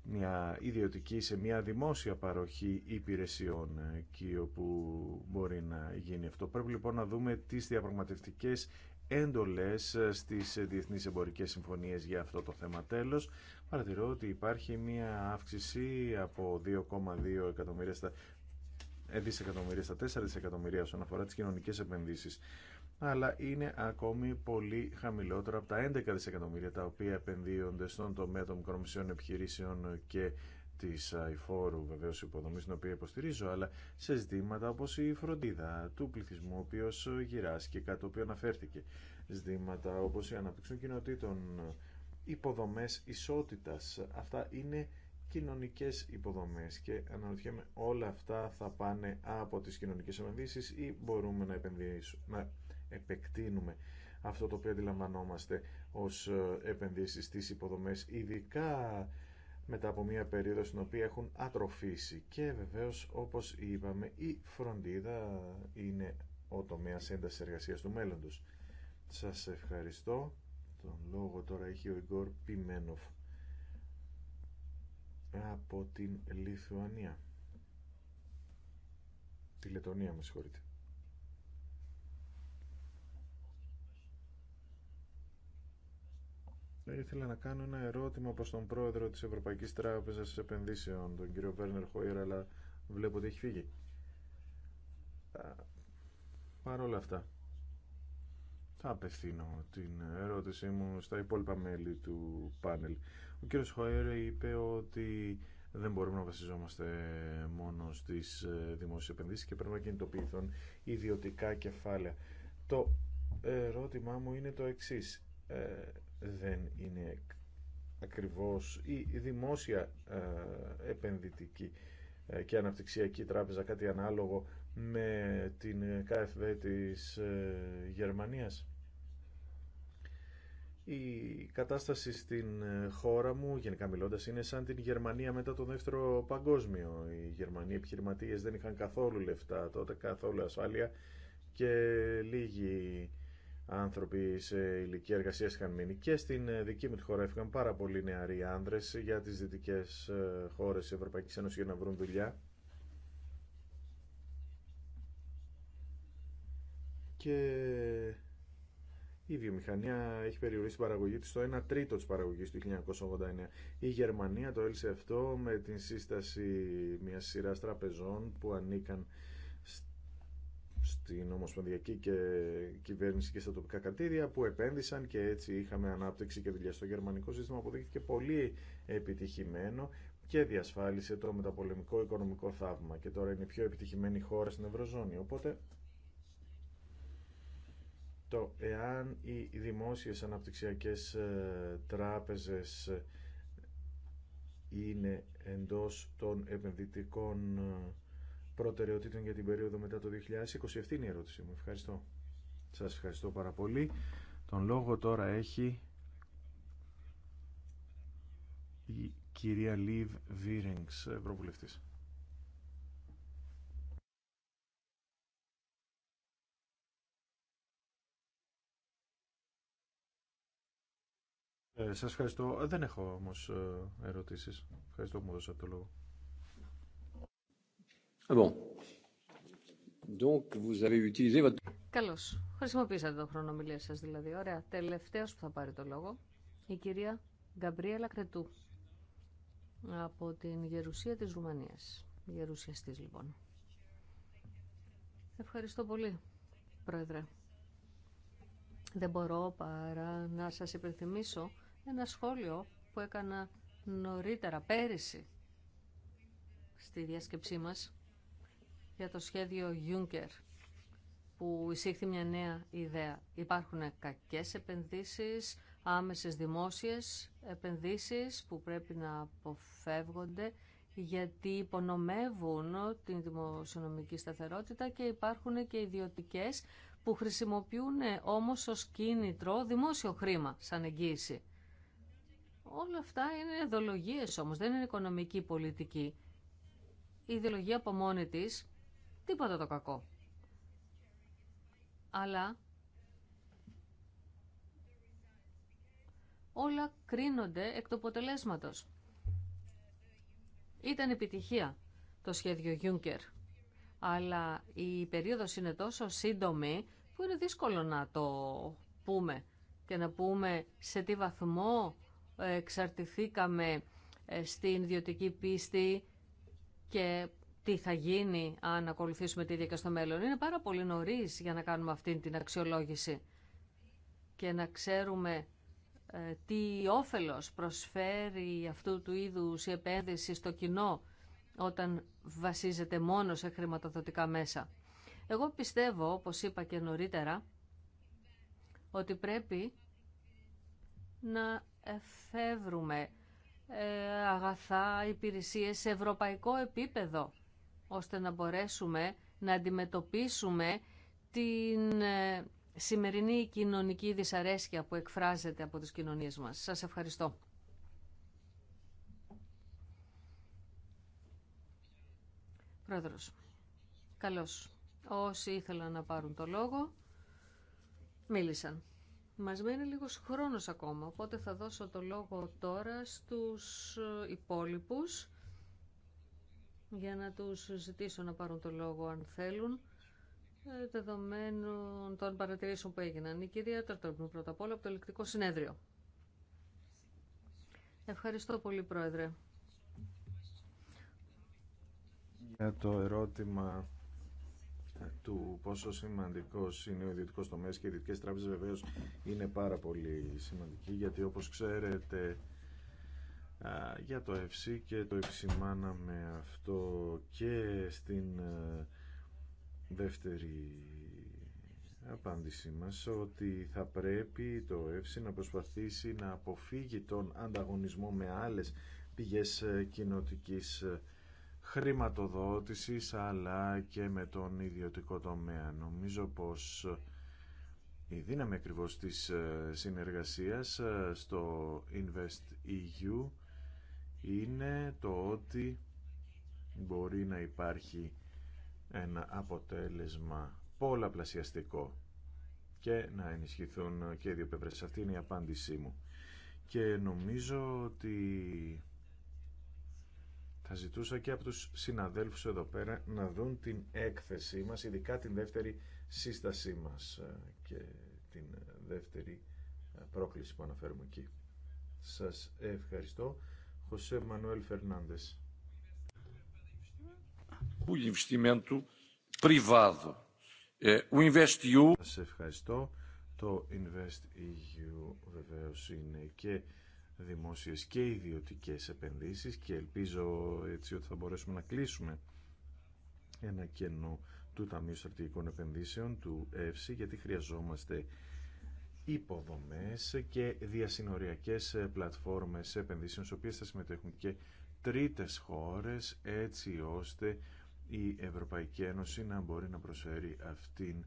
μια ιδιωτική σε μια δημόσια παροχή υπηρεσιών εκεί όπου μπορεί να γίνει αυτό. Πρέπει λοιπόν να δούμε τις διαπραγματευτικές έντολες στις διεθνείς εμπορικές συμφωνίες για αυτό το θέμα. Τέλος, παρατηρώ ότι υπάρχει μια αύξηση από 2,2 εκατομμύρια στα ε, δισεκατομμύρια στα 4 δισεκατομμύρια όσον αφορά τις κοινωνικές επενδύσεις αλλά είναι ακόμη πολύ χαμηλότερο από τα 11 δισεκατομμύρια τα οποία επενδύονται στον τομέα των μικρομεσαίων επιχειρήσεων και τη αηφόρου βεβαίω υποδομή, την οποία υποστηρίζω, αλλά σε ζητήματα όπω η φροντίδα του πληθυσμού, ο οποίο και κάτι το οποίο αναφέρθηκε. Ζητήματα όπω η αναπτύξη των κοινοτήτων, υποδομέ ισότητα. Αυτά είναι κοινωνικέ υποδομές και αναρωτιέμαι όλα αυτά θα πάνε από τι κοινωνικέ επενδύσει ή μπορούμε να, επενδύσουμε, επεκτείνουμε αυτό το οποίο αντιλαμβανόμαστε ως ε, επενδύσεις στις υποδομές, ειδικά μετά από μια περίοδο στην οποία έχουν ατροφήσει. Και βεβαίως, όπως είπαμε, η φροντίδα είναι ο τομέας έντασης εργασίας του μέλλοντος. Σας ευχαριστώ. Τον λόγο τώρα έχει ο Ιγκόρ Πιμένοφ από την Λιθουανία. Τη Λετωνία, με συγχωρείτε. Θα ήθελα να κάνω ένα ερώτημα προς τον πρόεδρο της Ευρωπαϊκής Τράπεζας Επενδύσεων, τον κύριο Βέρνερ Χόιερ, αλλά βλέπω ότι έχει φύγει. Παρ' όλα αυτά, θα απευθύνω την ερώτησή μου στα υπόλοιπα μέλη του πάνελ. Ο κύριος Χόιερ είπε ότι δεν μπορούμε να βασιζόμαστε μόνο στις ε, δημόσιες επενδύσεις και πρέπει να κινητοποιηθούν ιδιωτικά κεφάλαια. Το ερώτημά μου είναι το εξής. Ε, δεν είναι ακριβώς η δημόσια ε, επενδυτική ε, και αναπτυξιακή τράπεζα κάτι ανάλογο με την KfW της ε, Γερμανίας. Η κατάσταση στην χώρα μου, γενικά μιλώντας, είναι σαν την Γερμανία μετά τον Δεύτερο Παγκόσμιο. Οι Γερμανοί επιχειρηματίες δεν είχαν καθόλου λεφτά τότε, καθόλου ασφάλεια και λίγοι άνθρωποι σε ηλικία εργασία. είχαν μείνει και στην ε, δική μου τη χώρα έφυγαν πάρα πολλοί νεαροί άνδρες για τι δυτικέ ε, χώρε τη Ευρωπαϊκής Ένωση για να βρουν δουλειά και η βιομηχανία έχει περιορίσει την παραγωγή της στο 1 τρίτο της παραγωγής του 1989. Η Γερμανία το έλυσε αυτό με την σύσταση μιας σειράς τραπεζών που ανήκαν στην Ομοσπονδιακή και κυβέρνηση και στα τοπικά κρατήρια που επένδυσαν και έτσι είχαμε ανάπτυξη και δουλειά στο γερμανικό σύστημα που δείχθηκε πολύ επιτυχημένο και διασφάλισε το μεταπολεμικό οικονομικό θαύμα και τώρα είναι η πιο επιτυχημένη χώρα στην Ευρωζώνη. Οπότε το εάν οι δημόσιες αναπτυξιακές ε, τράπεζες είναι εντός των επενδυτικών ε, προτεραιοτήτων για την περίοδο μετά το 2020. Αυτή είναι η ερώτησή μου. Ευχαριστώ. Σας ευχαριστώ πάρα πολύ. Τον λόγο τώρα έχει η κυρία Λίβ Βίρινγκς, Ευρωβουλευτής. Ε, σας ευχαριστώ. Δεν έχω όμως ε, ερωτήσεις. Ευχαριστώ που μου δώσατε το λόγο. Ah bon. Χρησιμοποίησατε το χρόνο σα, σας δηλαδή. Ωραία. Τελευταίος που θα πάρει το λόγο, η κυρία Γκαμπρίελα Κρετού από την Γερουσία της Ρουμανίας. Γερουσιαστής λοιπόν. Ευχαριστώ πολύ, Πρόεδρε. Δεν μπορώ παρά να σας υπενθυμίσω ένα σχόλιο που έκανα νωρίτερα πέρυσι στη διάσκεψή μας για το σχέδιο Juncker που εισήχθη μια νέα ιδέα. Υπάρχουν κακές επενδύσεις, άμεσες δημόσιες επενδύσεις που πρέπει να αποφεύγονται γιατί υπονομεύουν την δημοσιονομική σταθερότητα και υπάρχουν και ιδιωτικές που χρησιμοποιούν όμως ως κίνητρο δημόσιο χρήμα σαν εγγύηση. Όλα αυτά είναι ιδεολογίες όμως, δεν είναι οικονομική πολιτική. Η ιδεολογία από μόνη της Τίποτα το κακό. Αλλά όλα κρίνονται εκ του αποτελέσματος. Ήταν επιτυχία το σχέδιο Juncker, αλλά η περίοδος είναι τόσο σύντομη που είναι δύσκολο να το πούμε και να πούμε σε τι βαθμό εξαρτηθήκαμε ε, στην ιδιωτική πίστη και τι θα γίνει αν ακολουθήσουμε τη ίδια στο μέλλον. Είναι πάρα πολύ νωρί για να κάνουμε αυτή την αξιολόγηση και να ξέρουμε ε, τι όφελος προσφέρει αυτού του είδους η επένδυση στο κοινό όταν βασίζεται μόνο σε χρηματοδοτικά μέσα. Εγώ πιστεύω, όπως είπα και νωρίτερα, ότι πρέπει να εφεύρουμε ε, αγαθά, υπηρεσίες σε ευρωπαϊκό επίπεδο ώστε να μπορέσουμε να αντιμετωπίσουμε την ε, σημερινή κοινωνική δυσαρέσκεια που εκφράζεται από τις κοινωνίες μας. Σας ευχαριστώ. Πρόεδρος, καλώς. Όσοι ήθελαν να πάρουν το λόγο, μίλησαν. Μας μένει λίγος χρόνος ακόμα, οπότε θα δώσω το λόγο τώρα στους ε, υπόλοιπους για να τους ζητήσω να πάρουν το λόγο αν θέλουν ε, δεδομένων των παρατηρήσεων που έγιναν. Η κυρία Τερτόπνου πρώτα απ' όλα από το Ελεκτικό Συνέδριο. Ευχαριστώ πολύ Πρόεδρε. Για το ερώτημα του πόσο σημαντικό είναι ο ιδιωτικό τομέα και οι ιδιωτικέ τράπεζε βεβαίω είναι πάρα πολύ σημαντική γιατί όπω ξέρετε για το FC και το επισημάναμε αυτό και στην ε, δεύτερη απάντησή μας ότι θα πρέπει το FC να προσπαθήσει να αποφύγει τον ανταγωνισμό με άλλες πηγές ε, κοινοτικής ε, χρηματοδότησης αλλά και με τον ιδιωτικό τομέα. Νομίζω πως η δύναμη ακριβώ της συνεργασίας στο InvestEU EU είναι το ότι μπορεί να υπάρχει ένα αποτέλεσμα πολλαπλασιαστικό και να ενισχυθούν και οι δύο πλευρές. Αυτή είναι η απάντησή μου. Και νομίζω ότι θα ζητούσα και από τους συναδέλφους εδώ πέρα να δουν την έκθεσή μας, ειδικά την δεύτερη σύστασή μας και την δεύτερη πρόκληση που αναφέρουμε εκεί. Σας ευχαριστώ. Χωσέ o InvestEU. Σας ευχαριστώ. Το InvestEU βεβαίω είναι και δημόσιε και ιδιωτικέ επενδύσει. και ελπίζω έτσι ότι θα μπορέσουμε να κλείσουμε ένα κενό του Ταμείου Στρατηγικών Επενδύσεων, του ΕΦΣΥ, γιατί χρειαζόμαστε υποδομές και διασυνοριακές πλατφόρμες επενδύσεων στις οποίες θα συμμετέχουν και τρίτες χώρες έτσι ώστε η Ευρωπαϊκή Ένωση να μπορεί να προσφέρει αυτήν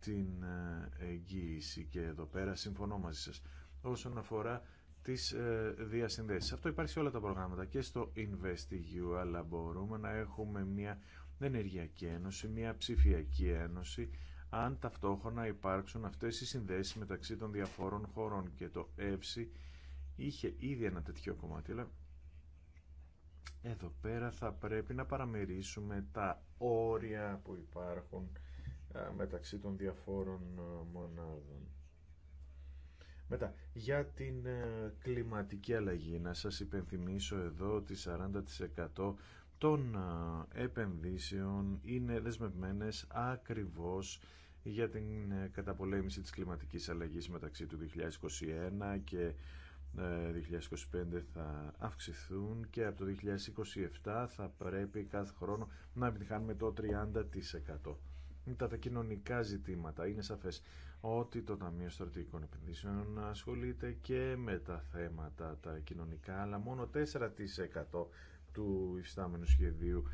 την ε, εγγύηση και εδώ πέρα συμφωνώ μαζί σας όσον αφορά τις ε, διασυνδέσεις. Αυτό υπάρχει σε όλα τα προγράμματα και στο InvestEU αλλά μπορούμε να έχουμε μια ενεργειακή ένωση, μια ψηφιακή ένωση αν ταυτόχρονα υπάρξουν αυτές οι συνδέσεις μεταξύ των διαφόρων χωρών και το ΕΦΣΙ είχε ήδη ένα τέτοιο κομμάτι αλλά εδώ πέρα θα πρέπει να παραμερίσουμε τα όρια που υπάρχουν μεταξύ των διαφόρων μονάδων. Μετά, για την κλιματική αλλαγή, να σας υπενθυμίσω εδώ ότι 40% των επενδύσεων είναι δεσμευμένες ακριβώς για την ε, καταπολέμηση της κλιματικής αλλαγής μεταξύ του 2021 και 2025 ε, θα αυξηθούν και από το 2027 θα πρέπει κάθε χρόνο να επιτυχάνουμε το 30%. Τα, τα κοινωνικά ζητήματα είναι σαφές ότι το Ταμείο Στρατηγικών Επενδύσεων ασχολείται και με τα θέματα τα κοινωνικά αλλά μόνο 4% του υφιστάμενου σχεδίου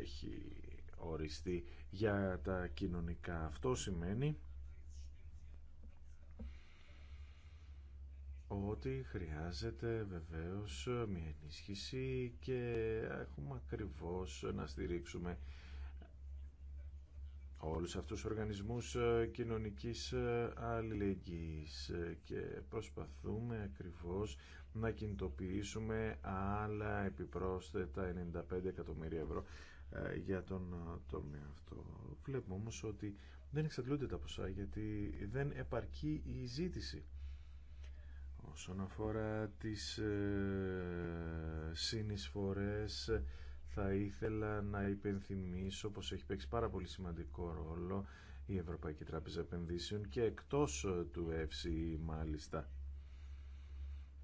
έχει οριστεί για τα κοινωνικά. Αυτό σημαίνει ότι χρειάζεται βεβαίως μια ενίσχυση και έχουμε ακριβώς να στηρίξουμε όλους αυτούς τους οργανισμούς κοινωνικής αλληλεγγύης και προσπαθούμε ακριβώς να κινητοποιήσουμε άλλα επιπρόσθετα 95 εκατομμύρια ευρώ ε, για τον ε, τομέα αυτό. Βλέπουμε όμως ότι δεν εξαντλούνται τα ποσά γιατί δεν επαρκεί η ζήτηση. Όσον αφορά τις ε, συνεισφορές θα ήθελα να υπενθυμίσω πως έχει παίξει πάρα πολύ σημαντικό ρόλο η Ευρωπαϊκή Τράπεζα Επενδύσεων και εκτός του ΕΦΣΥ e, μάλιστα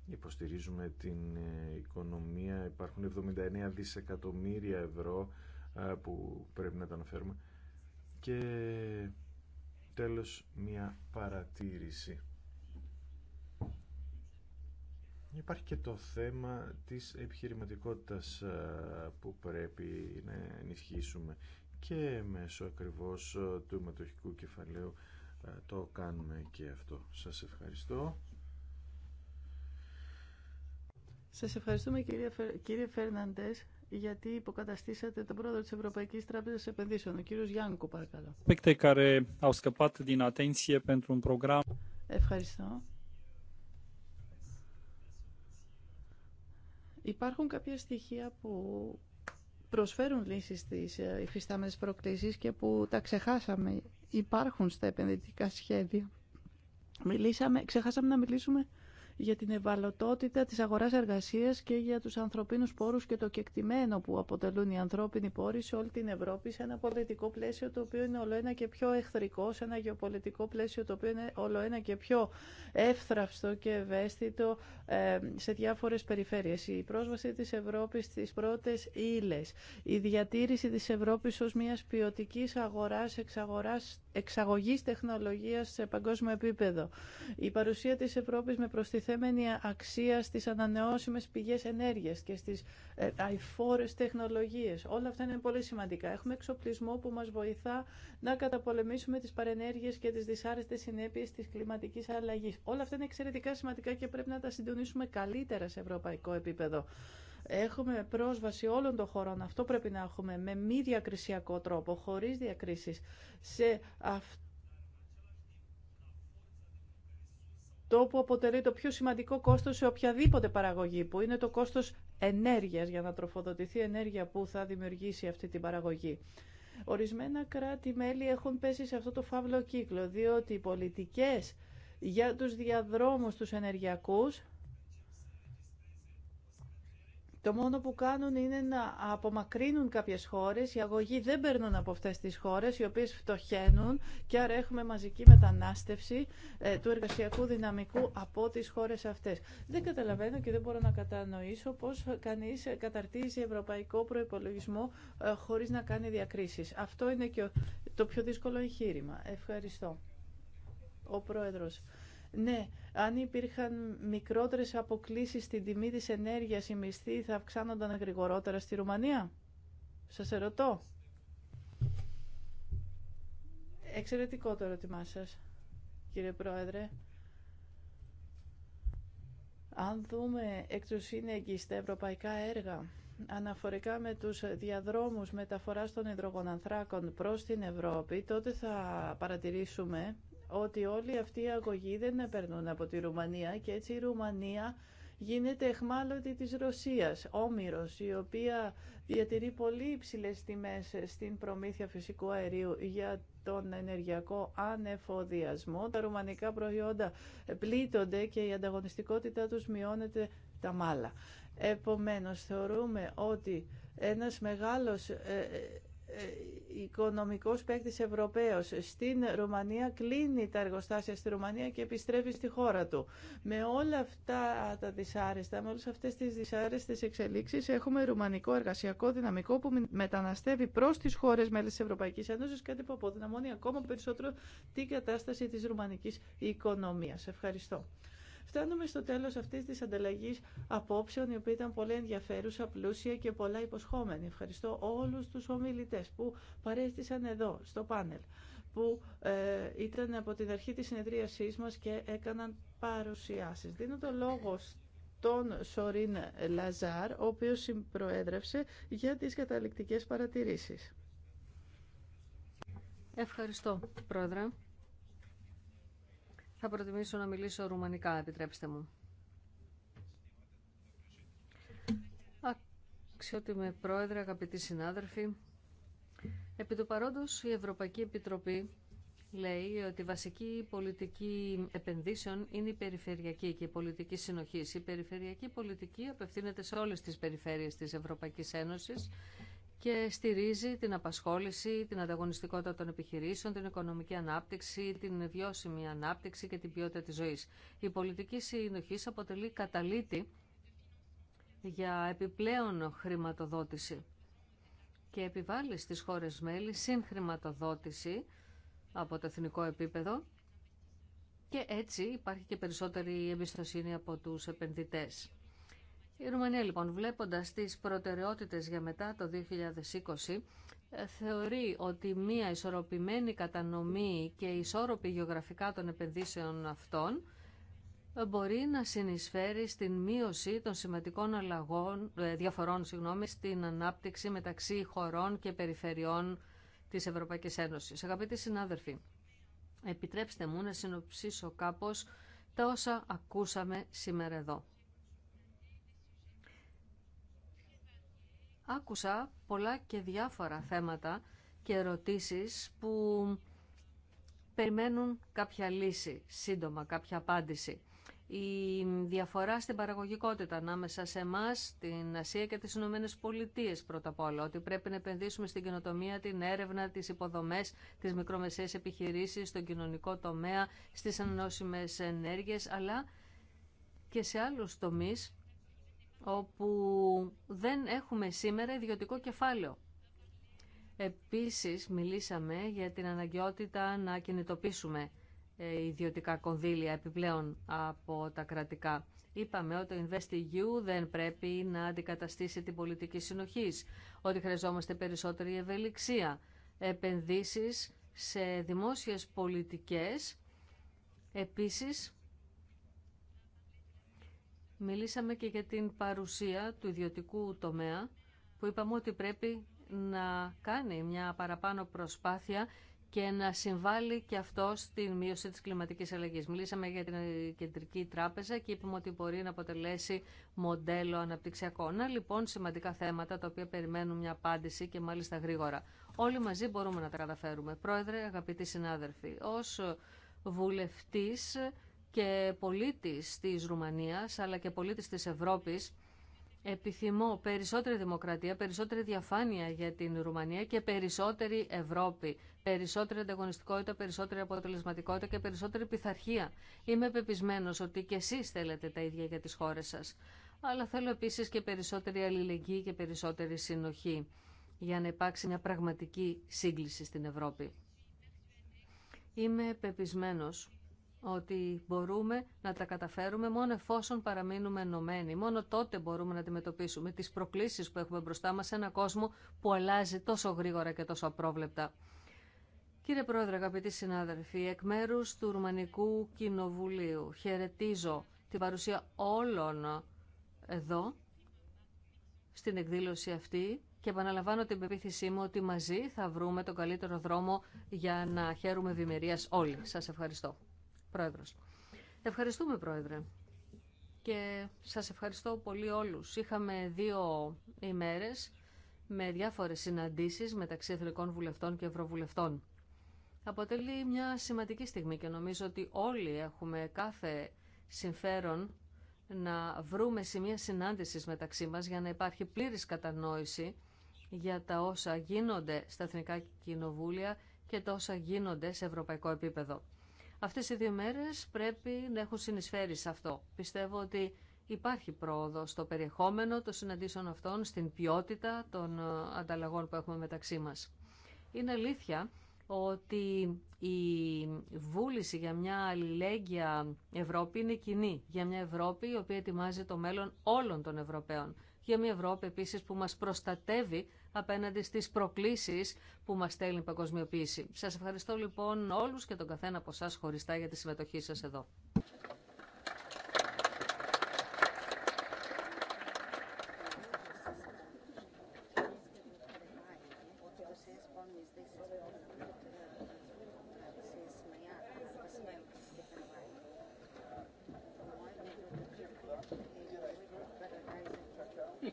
υποστηρίζουμε την ε, οικονομία. Υπάρχουν 79 δισεκατομμύρια ευρώ που πρέπει να τα αναφέρουμε. Και τέλος μια παρατήρηση. Υπάρχει και το θέμα της επιχειρηματικότητας που πρέπει να ενισχύσουμε και μέσω ακριβώς του μετοχικού κεφαλαίου το κάνουμε και αυτό. Σας ευχαριστώ. Σας ευχαριστούμε κύριε Φερναντές γιατί υποκαταστήσατε τον πρόεδρο της Ευρωπαϊκής Τράπεζας Επενδύσεων, ο κύριος Γιάνκο παρακαλώ. Ευχαριστώ. Υπάρχουν κάποια στοιχεία που προσφέρουν λύσεις στις ε, υφιστάμενες προκλήσεις και που τα ξεχάσαμε. Υπάρχουν στα επενδυτικά σχέδια. Μιλήσαμε, ξεχάσαμε να μιλήσουμε για την ευαλωτότητα της αγοράς εργασίας και για τους ανθρωπίνους πόρους και το κεκτημένο που αποτελούν οι ανθρώπινοι πόροι σε όλη την Ευρώπη σε ένα πολιτικό πλαίσιο το οποίο είναι ολοένα και πιο εχθρικό, σε ένα γεωπολιτικό πλαίσιο το οποίο είναι ολοένα και πιο εύθραυστο και ευαίσθητο ε, σε διάφορες περιφέρειες. Η πρόσβαση της Ευρώπης στις πρώτες ύλες, η διατήρηση της Ευρώπης ως μιας ποιοτικής αγοράς, εξαγοράς, εξαγωγής τεχνολογίας σε παγκόσμιο επίπεδο, η παρουσία της Ευρώπης με προστιθέμενη προστιθέμενη αξία στις ανανεώσιμες πηγές ενέργειας και στις ε, αϊφόρες τεχνολογίες. Όλα αυτά είναι πολύ σημαντικά. Έχουμε εξοπλισμό που μας βοηθά να καταπολεμήσουμε τις παρενέργειες και τις δυσάρεστες συνέπειες της κλιματικής αλλαγής. Όλα αυτά είναι εξαιρετικά σημαντικά και πρέπει να τα συντονίσουμε καλύτερα σε ευρωπαϊκό επίπεδο. Έχουμε πρόσβαση όλων των χωρών, αυτό πρέπει να έχουμε, με μη διακρισιακό τρόπο, χωρίς διακρίσεις, σε αυτό Το που αποτελεί το πιο σημαντικό κόστος σε οποιαδήποτε παραγωγή, που είναι το κόστος ενέργειας για να τροφοδοτηθεί ενέργεια που θα δημιουργήσει αυτή την παραγωγή. Ορισμένα κράτη-μέλη έχουν πέσει σε αυτό το φαύλο κύκλο, διότι οι πολιτικές για τους διαδρόμους τους ενεργειακούς το μόνο που κάνουν είναι να απομακρύνουν κάποιες χώρες. Οι αγωγοί δεν παίρνουν από αυτές τις χώρες, οι οποίες φτωχαίνουν και άρα έχουμε μαζική μετανάστευση ε, του εργασιακού δυναμικού από τις χώρες αυτές. Δεν καταλαβαίνω και δεν μπορώ να κατανοήσω πώς κανείς καταρτίζει ευρωπαϊκό προϋπολογισμό ε, χωρίς να κάνει διακρίσεις. Αυτό είναι και το πιο δύσκολο εγχείρημα. Ευχαριστώ. Ο Πρόεδρος. Ναι, αν υπήρχαν μικρότερες αποκλήσεις στην τιμή της ενέργειας, οι μισθοί θα αυξάνονταν γρηγορότερα στη Ρουμανία. Σας ερωτώ. Εξαιρετικό το ερώτημά σας, κύριε Πρόεδρε. Αν δούμε Σύνεγγι στα ευρωπαϊκά έργα αναφορικά με τους διαδρόμους μεταφοράς των υδρογονανθράκων προς την Ευρώπη, τότε θα παρατηρήσουμε ότι όλοι αυτοί οι αγωγοί δεν περνούν από τη Ρουμανία και έτσι η Ρουμανία γίνεται εχμάλωτη της Ρωσίας, Όμηρος, η οποία διατηρεί πολύ υψηλές τιμές στην προμήθεια φυσικού αερίου για τον ενεργειακό ανεφοδιασμό. Τα ρουμανικά προϊόντα πλήττονται και η ανταγωνιστικότητά τους μειώνεται τα μάλα. Επομένως, θεωρούμε ότι ένας μεγάλος ε, ε, ε, Οικονομικό παίκτη Ευρωπαίος στην Ρουμανία, κλείνει τα εργοστάσια στη Ρουμανία και επιστρέφει στη χώρα του. Με όλα αυτά τα δυσάρεστα, με αυτές τις δυσάρεστες εξελίξεις έχουμε ρουμανικό εργασιακό δυναμικό που μεταναστεύει προς τις χώρες μέλη τη Ευρωπαϊκή Ένωση, κάτι που αποδυναμώνει ακόμα περισσότερο την κατάσταση τη ρουμανικής οικονομία. Ευχαριστώ. Φτάνουμε στο τέλος αυτής της ανταλλαγής απόψεων, η οποία ήταν πολύ ενδιαφέρουσα, πλούσια και πολλά υποσχόμενη. Ευχαριστώ όλους τους ομιλητές που παρέστησαν εδώ, στο πάνελ που ε, ήταν από την αρχή της συνεδρίασής μας και έκαναν παρουσιάσεις. Δίνω το λόγο στον Σορίν Λαζάρ, ο οποίος συμπροέδρευσε για τις καταληκτικές παρατηρήσεις. Ευχαριστώ, Πρόεδρε. Θα προτιμήσω να μιλήσω ρουμανικά, επιτρέψτε μου. Αξιότιμε πρόεδρε, αγαπητοί συνάδελφοι, επί του παρόντος η Ευρωπαϊκή Επιτροπή λέει ότι η βασική πολιτική επενδύσεων είναι η περιφερειακή και η πολιτική συνοχή. Η περιφερειακή πολιτική απευθύνεται σε όλες τις περιφέρειες της Ευρωπαϊκής Ένωσης και στηρίζει την απασχόληση, την ανταγωνιστικότητα των επιχειρήσεων, την οικονομική ανάπτυξη, την βιώσιμη ανάπτυξη και την ποιότητα της ζωής. Η πολιτική συνοχή αποτελεί καταλήτη για επιπλέον χρηματοδότηση και επιβάλλει στις χώρες μέλη συγχρηματοδότηση από το εθνικό επίπεδο και έτσι υπάρχει και περισσότερη εμπιστοσύνη από τους επενδυτές. Η Ρουμανία λοιπόν βλέποντας τις προτεραιότητες για μετά το 2020 ε, θεωρεί ότι μία ισορροπημένη κατανομή και ισόρροπη γεωγραφικά των επενδύσεων αυτών ε, μπορεί να συνεισφέρει στην μείωση των σημαντικών αλλαγών, ε, διαφορών συγγνώμη, στην ανάπτυξη μεταξύ χωρών και περιφερειών της Ευρωπαϊκής Ένωσης. Αγαπητοί συνάδελφοι, επιτρέψτε μου να συνοψίσω κάπως τα όσα ακούσαμε σήμερα εδώ. άκουσα πολλά και διάφορα θέματα και ερωτήσεις που περιμένουν κάποια λύση, σύντομα κάποια απάντηση. Η διαφορά στην παραγωγικότητα ανάμεσα σε εμά, την Ασία και τις Ηνωμένε Πολιτείε πρώτα απ' όλα, ότι πρέπει να επενδύσουμε στην κοινοτομία, την έρευνα, τι υποδομέ, τι μικρομεσαίες επιχειρήσεις, στον κοινωνικό τομέα, στι ανανεώσιμε ενέργειες, αλλά και σε άλλου τομεί όπου δεν έχουμε σήμερα ιδιωτικό κεφάλαιο. Επίσης μιλήσαμε για την αναγκαιότητα να κινητοποιήσουμε ε, ιδιωτικά κονδύλια επιπλέον από τα κρατικά. Είπαμε ότι το InvestEU δεν πρέπει να αντικαταστήσει την πολιτική συνοχής, ότι χρειαζόμαστε περισσότερη ευελιξία, επενδύσεις σε δημόσιες πολιτικές. Επίσης, Μιλήσαμε και για την παρουσία του ιδιωτικού τομέα που είπαμε ότι πρέπει να κάνει μια παραπάνω προσπάθεια και να συμβάλλει και αυτό στην μείωση της κλιματικής αλλαγής. Μιλήσαμε για την Κεντρική Τράπεζα και είπαμε ότι μπορεί να αποτελέσει μοντέλο αναπτυξιακό. Να λοιπόν σημαντικά θέματα τα οποία περιμένουν μια απάντηση και μάλιστα γρήγορα. Όλοι μαζί μπορούμε να τα καταφέρουμε. Πρόεδρε, αγαπητοί συνάδελφοι, ως βουλευτής και πολίτης της Ρουμανίας αλλά και πολίτης της Ευρώπης επιθυμώ περισσότερη δημοκρατία, περισσότερη διαφάνεια για την Ρουμανία και περισσότερη Ευρώπη, περισσότερη ανταγωνιστικότητα, περισσότερη αποτελεσματικότητα και περισσότερη πειθαρχία. Είμαι πεπισμένος ότι και εσείς θέλετε τα ίδια για τις χώρες σας. Αλλά θέλω επίσης και περισσότερη αλληλεγγύη και περισσότερη συνοχή για να υπάρξει μια πραγματική σύγκληση στην Ευρώπη. Είμαι πεπισμένος ότι μπορούμε να τα καταφέρουμε μόνο εφόσον παραμείνουμε ενωμένοι. Μόνο τότε μπορούμε να αντιμετωπίσουμε τις προκλήσεις που έχουμε μπροστά μας σε έναν κόσμο που αλλάζει τόσο γρήγορα και τόσο απρόβλεπτα. Κύριε Πρόεδρε, αγαπητοί συνάδελφοι, εκ μέρου του Ρουμανικού Κοινοβουλίου χαιρετίζω την παρουσία όλων εδώ στην εκδήλωση αυτή και επαναλαμβάνω την πεποίθησή μου ότι μαζί θα βρούμε τον καλύτερο δρόμο για να χαίρουμε ευημερίας όλοι. Σας ευχαριστώ. Πρόεδρος. Ευχαριστούμε, Πρόεδρε. Και σας ευχαριστώ πολύ όλους. Είχαμε δύο ημέρες με διάφορες συναντήσεις μεταξύ εθνικών βουλευτών και ευρωβουλευτών. Αποτελεί μια σημαντική στιγμή και νομίζω ότι όλοι έχουμε κάθε συμφέρον να βρούμε σημεία συνάντησης μεταξύ μας για να υπάρχει πλήρης κατανόηση για τα όσα γίνονται στα εθνικά κοινοβούλια και τα όσα γίνονται σε ευρωπαϊκό επίπεδο. Αυτές οι δύο μέρες πρέπει να έχουν συνεισφέρει σε αυτό. Πιστεύω ότι υπάρχει πρόοδο στο περιεχόμενο των συναντήσεων αυτών, στην ποιότητα των ε, ανταλλαγών που έχουμε μεταξύ μας. Είναι αλήθεια ότι η βούληση για μια αλληλέγγυα Ευρώπη είναι κοινή. Για μια Ευρώπη η οποία ετοιμάζει το μέλλον όλων των Ευρωπαίων. Για μια Ευρώπη επίσης που μας προστατεύει απέναντι στι προκλήσεις που μας στέλνει η παγκοσμιοποίηση. Σας ευχαριστώ λοιπόν όλους και τον καθένα από εσά χωριστά για τη συμμετοχή σας εδώ.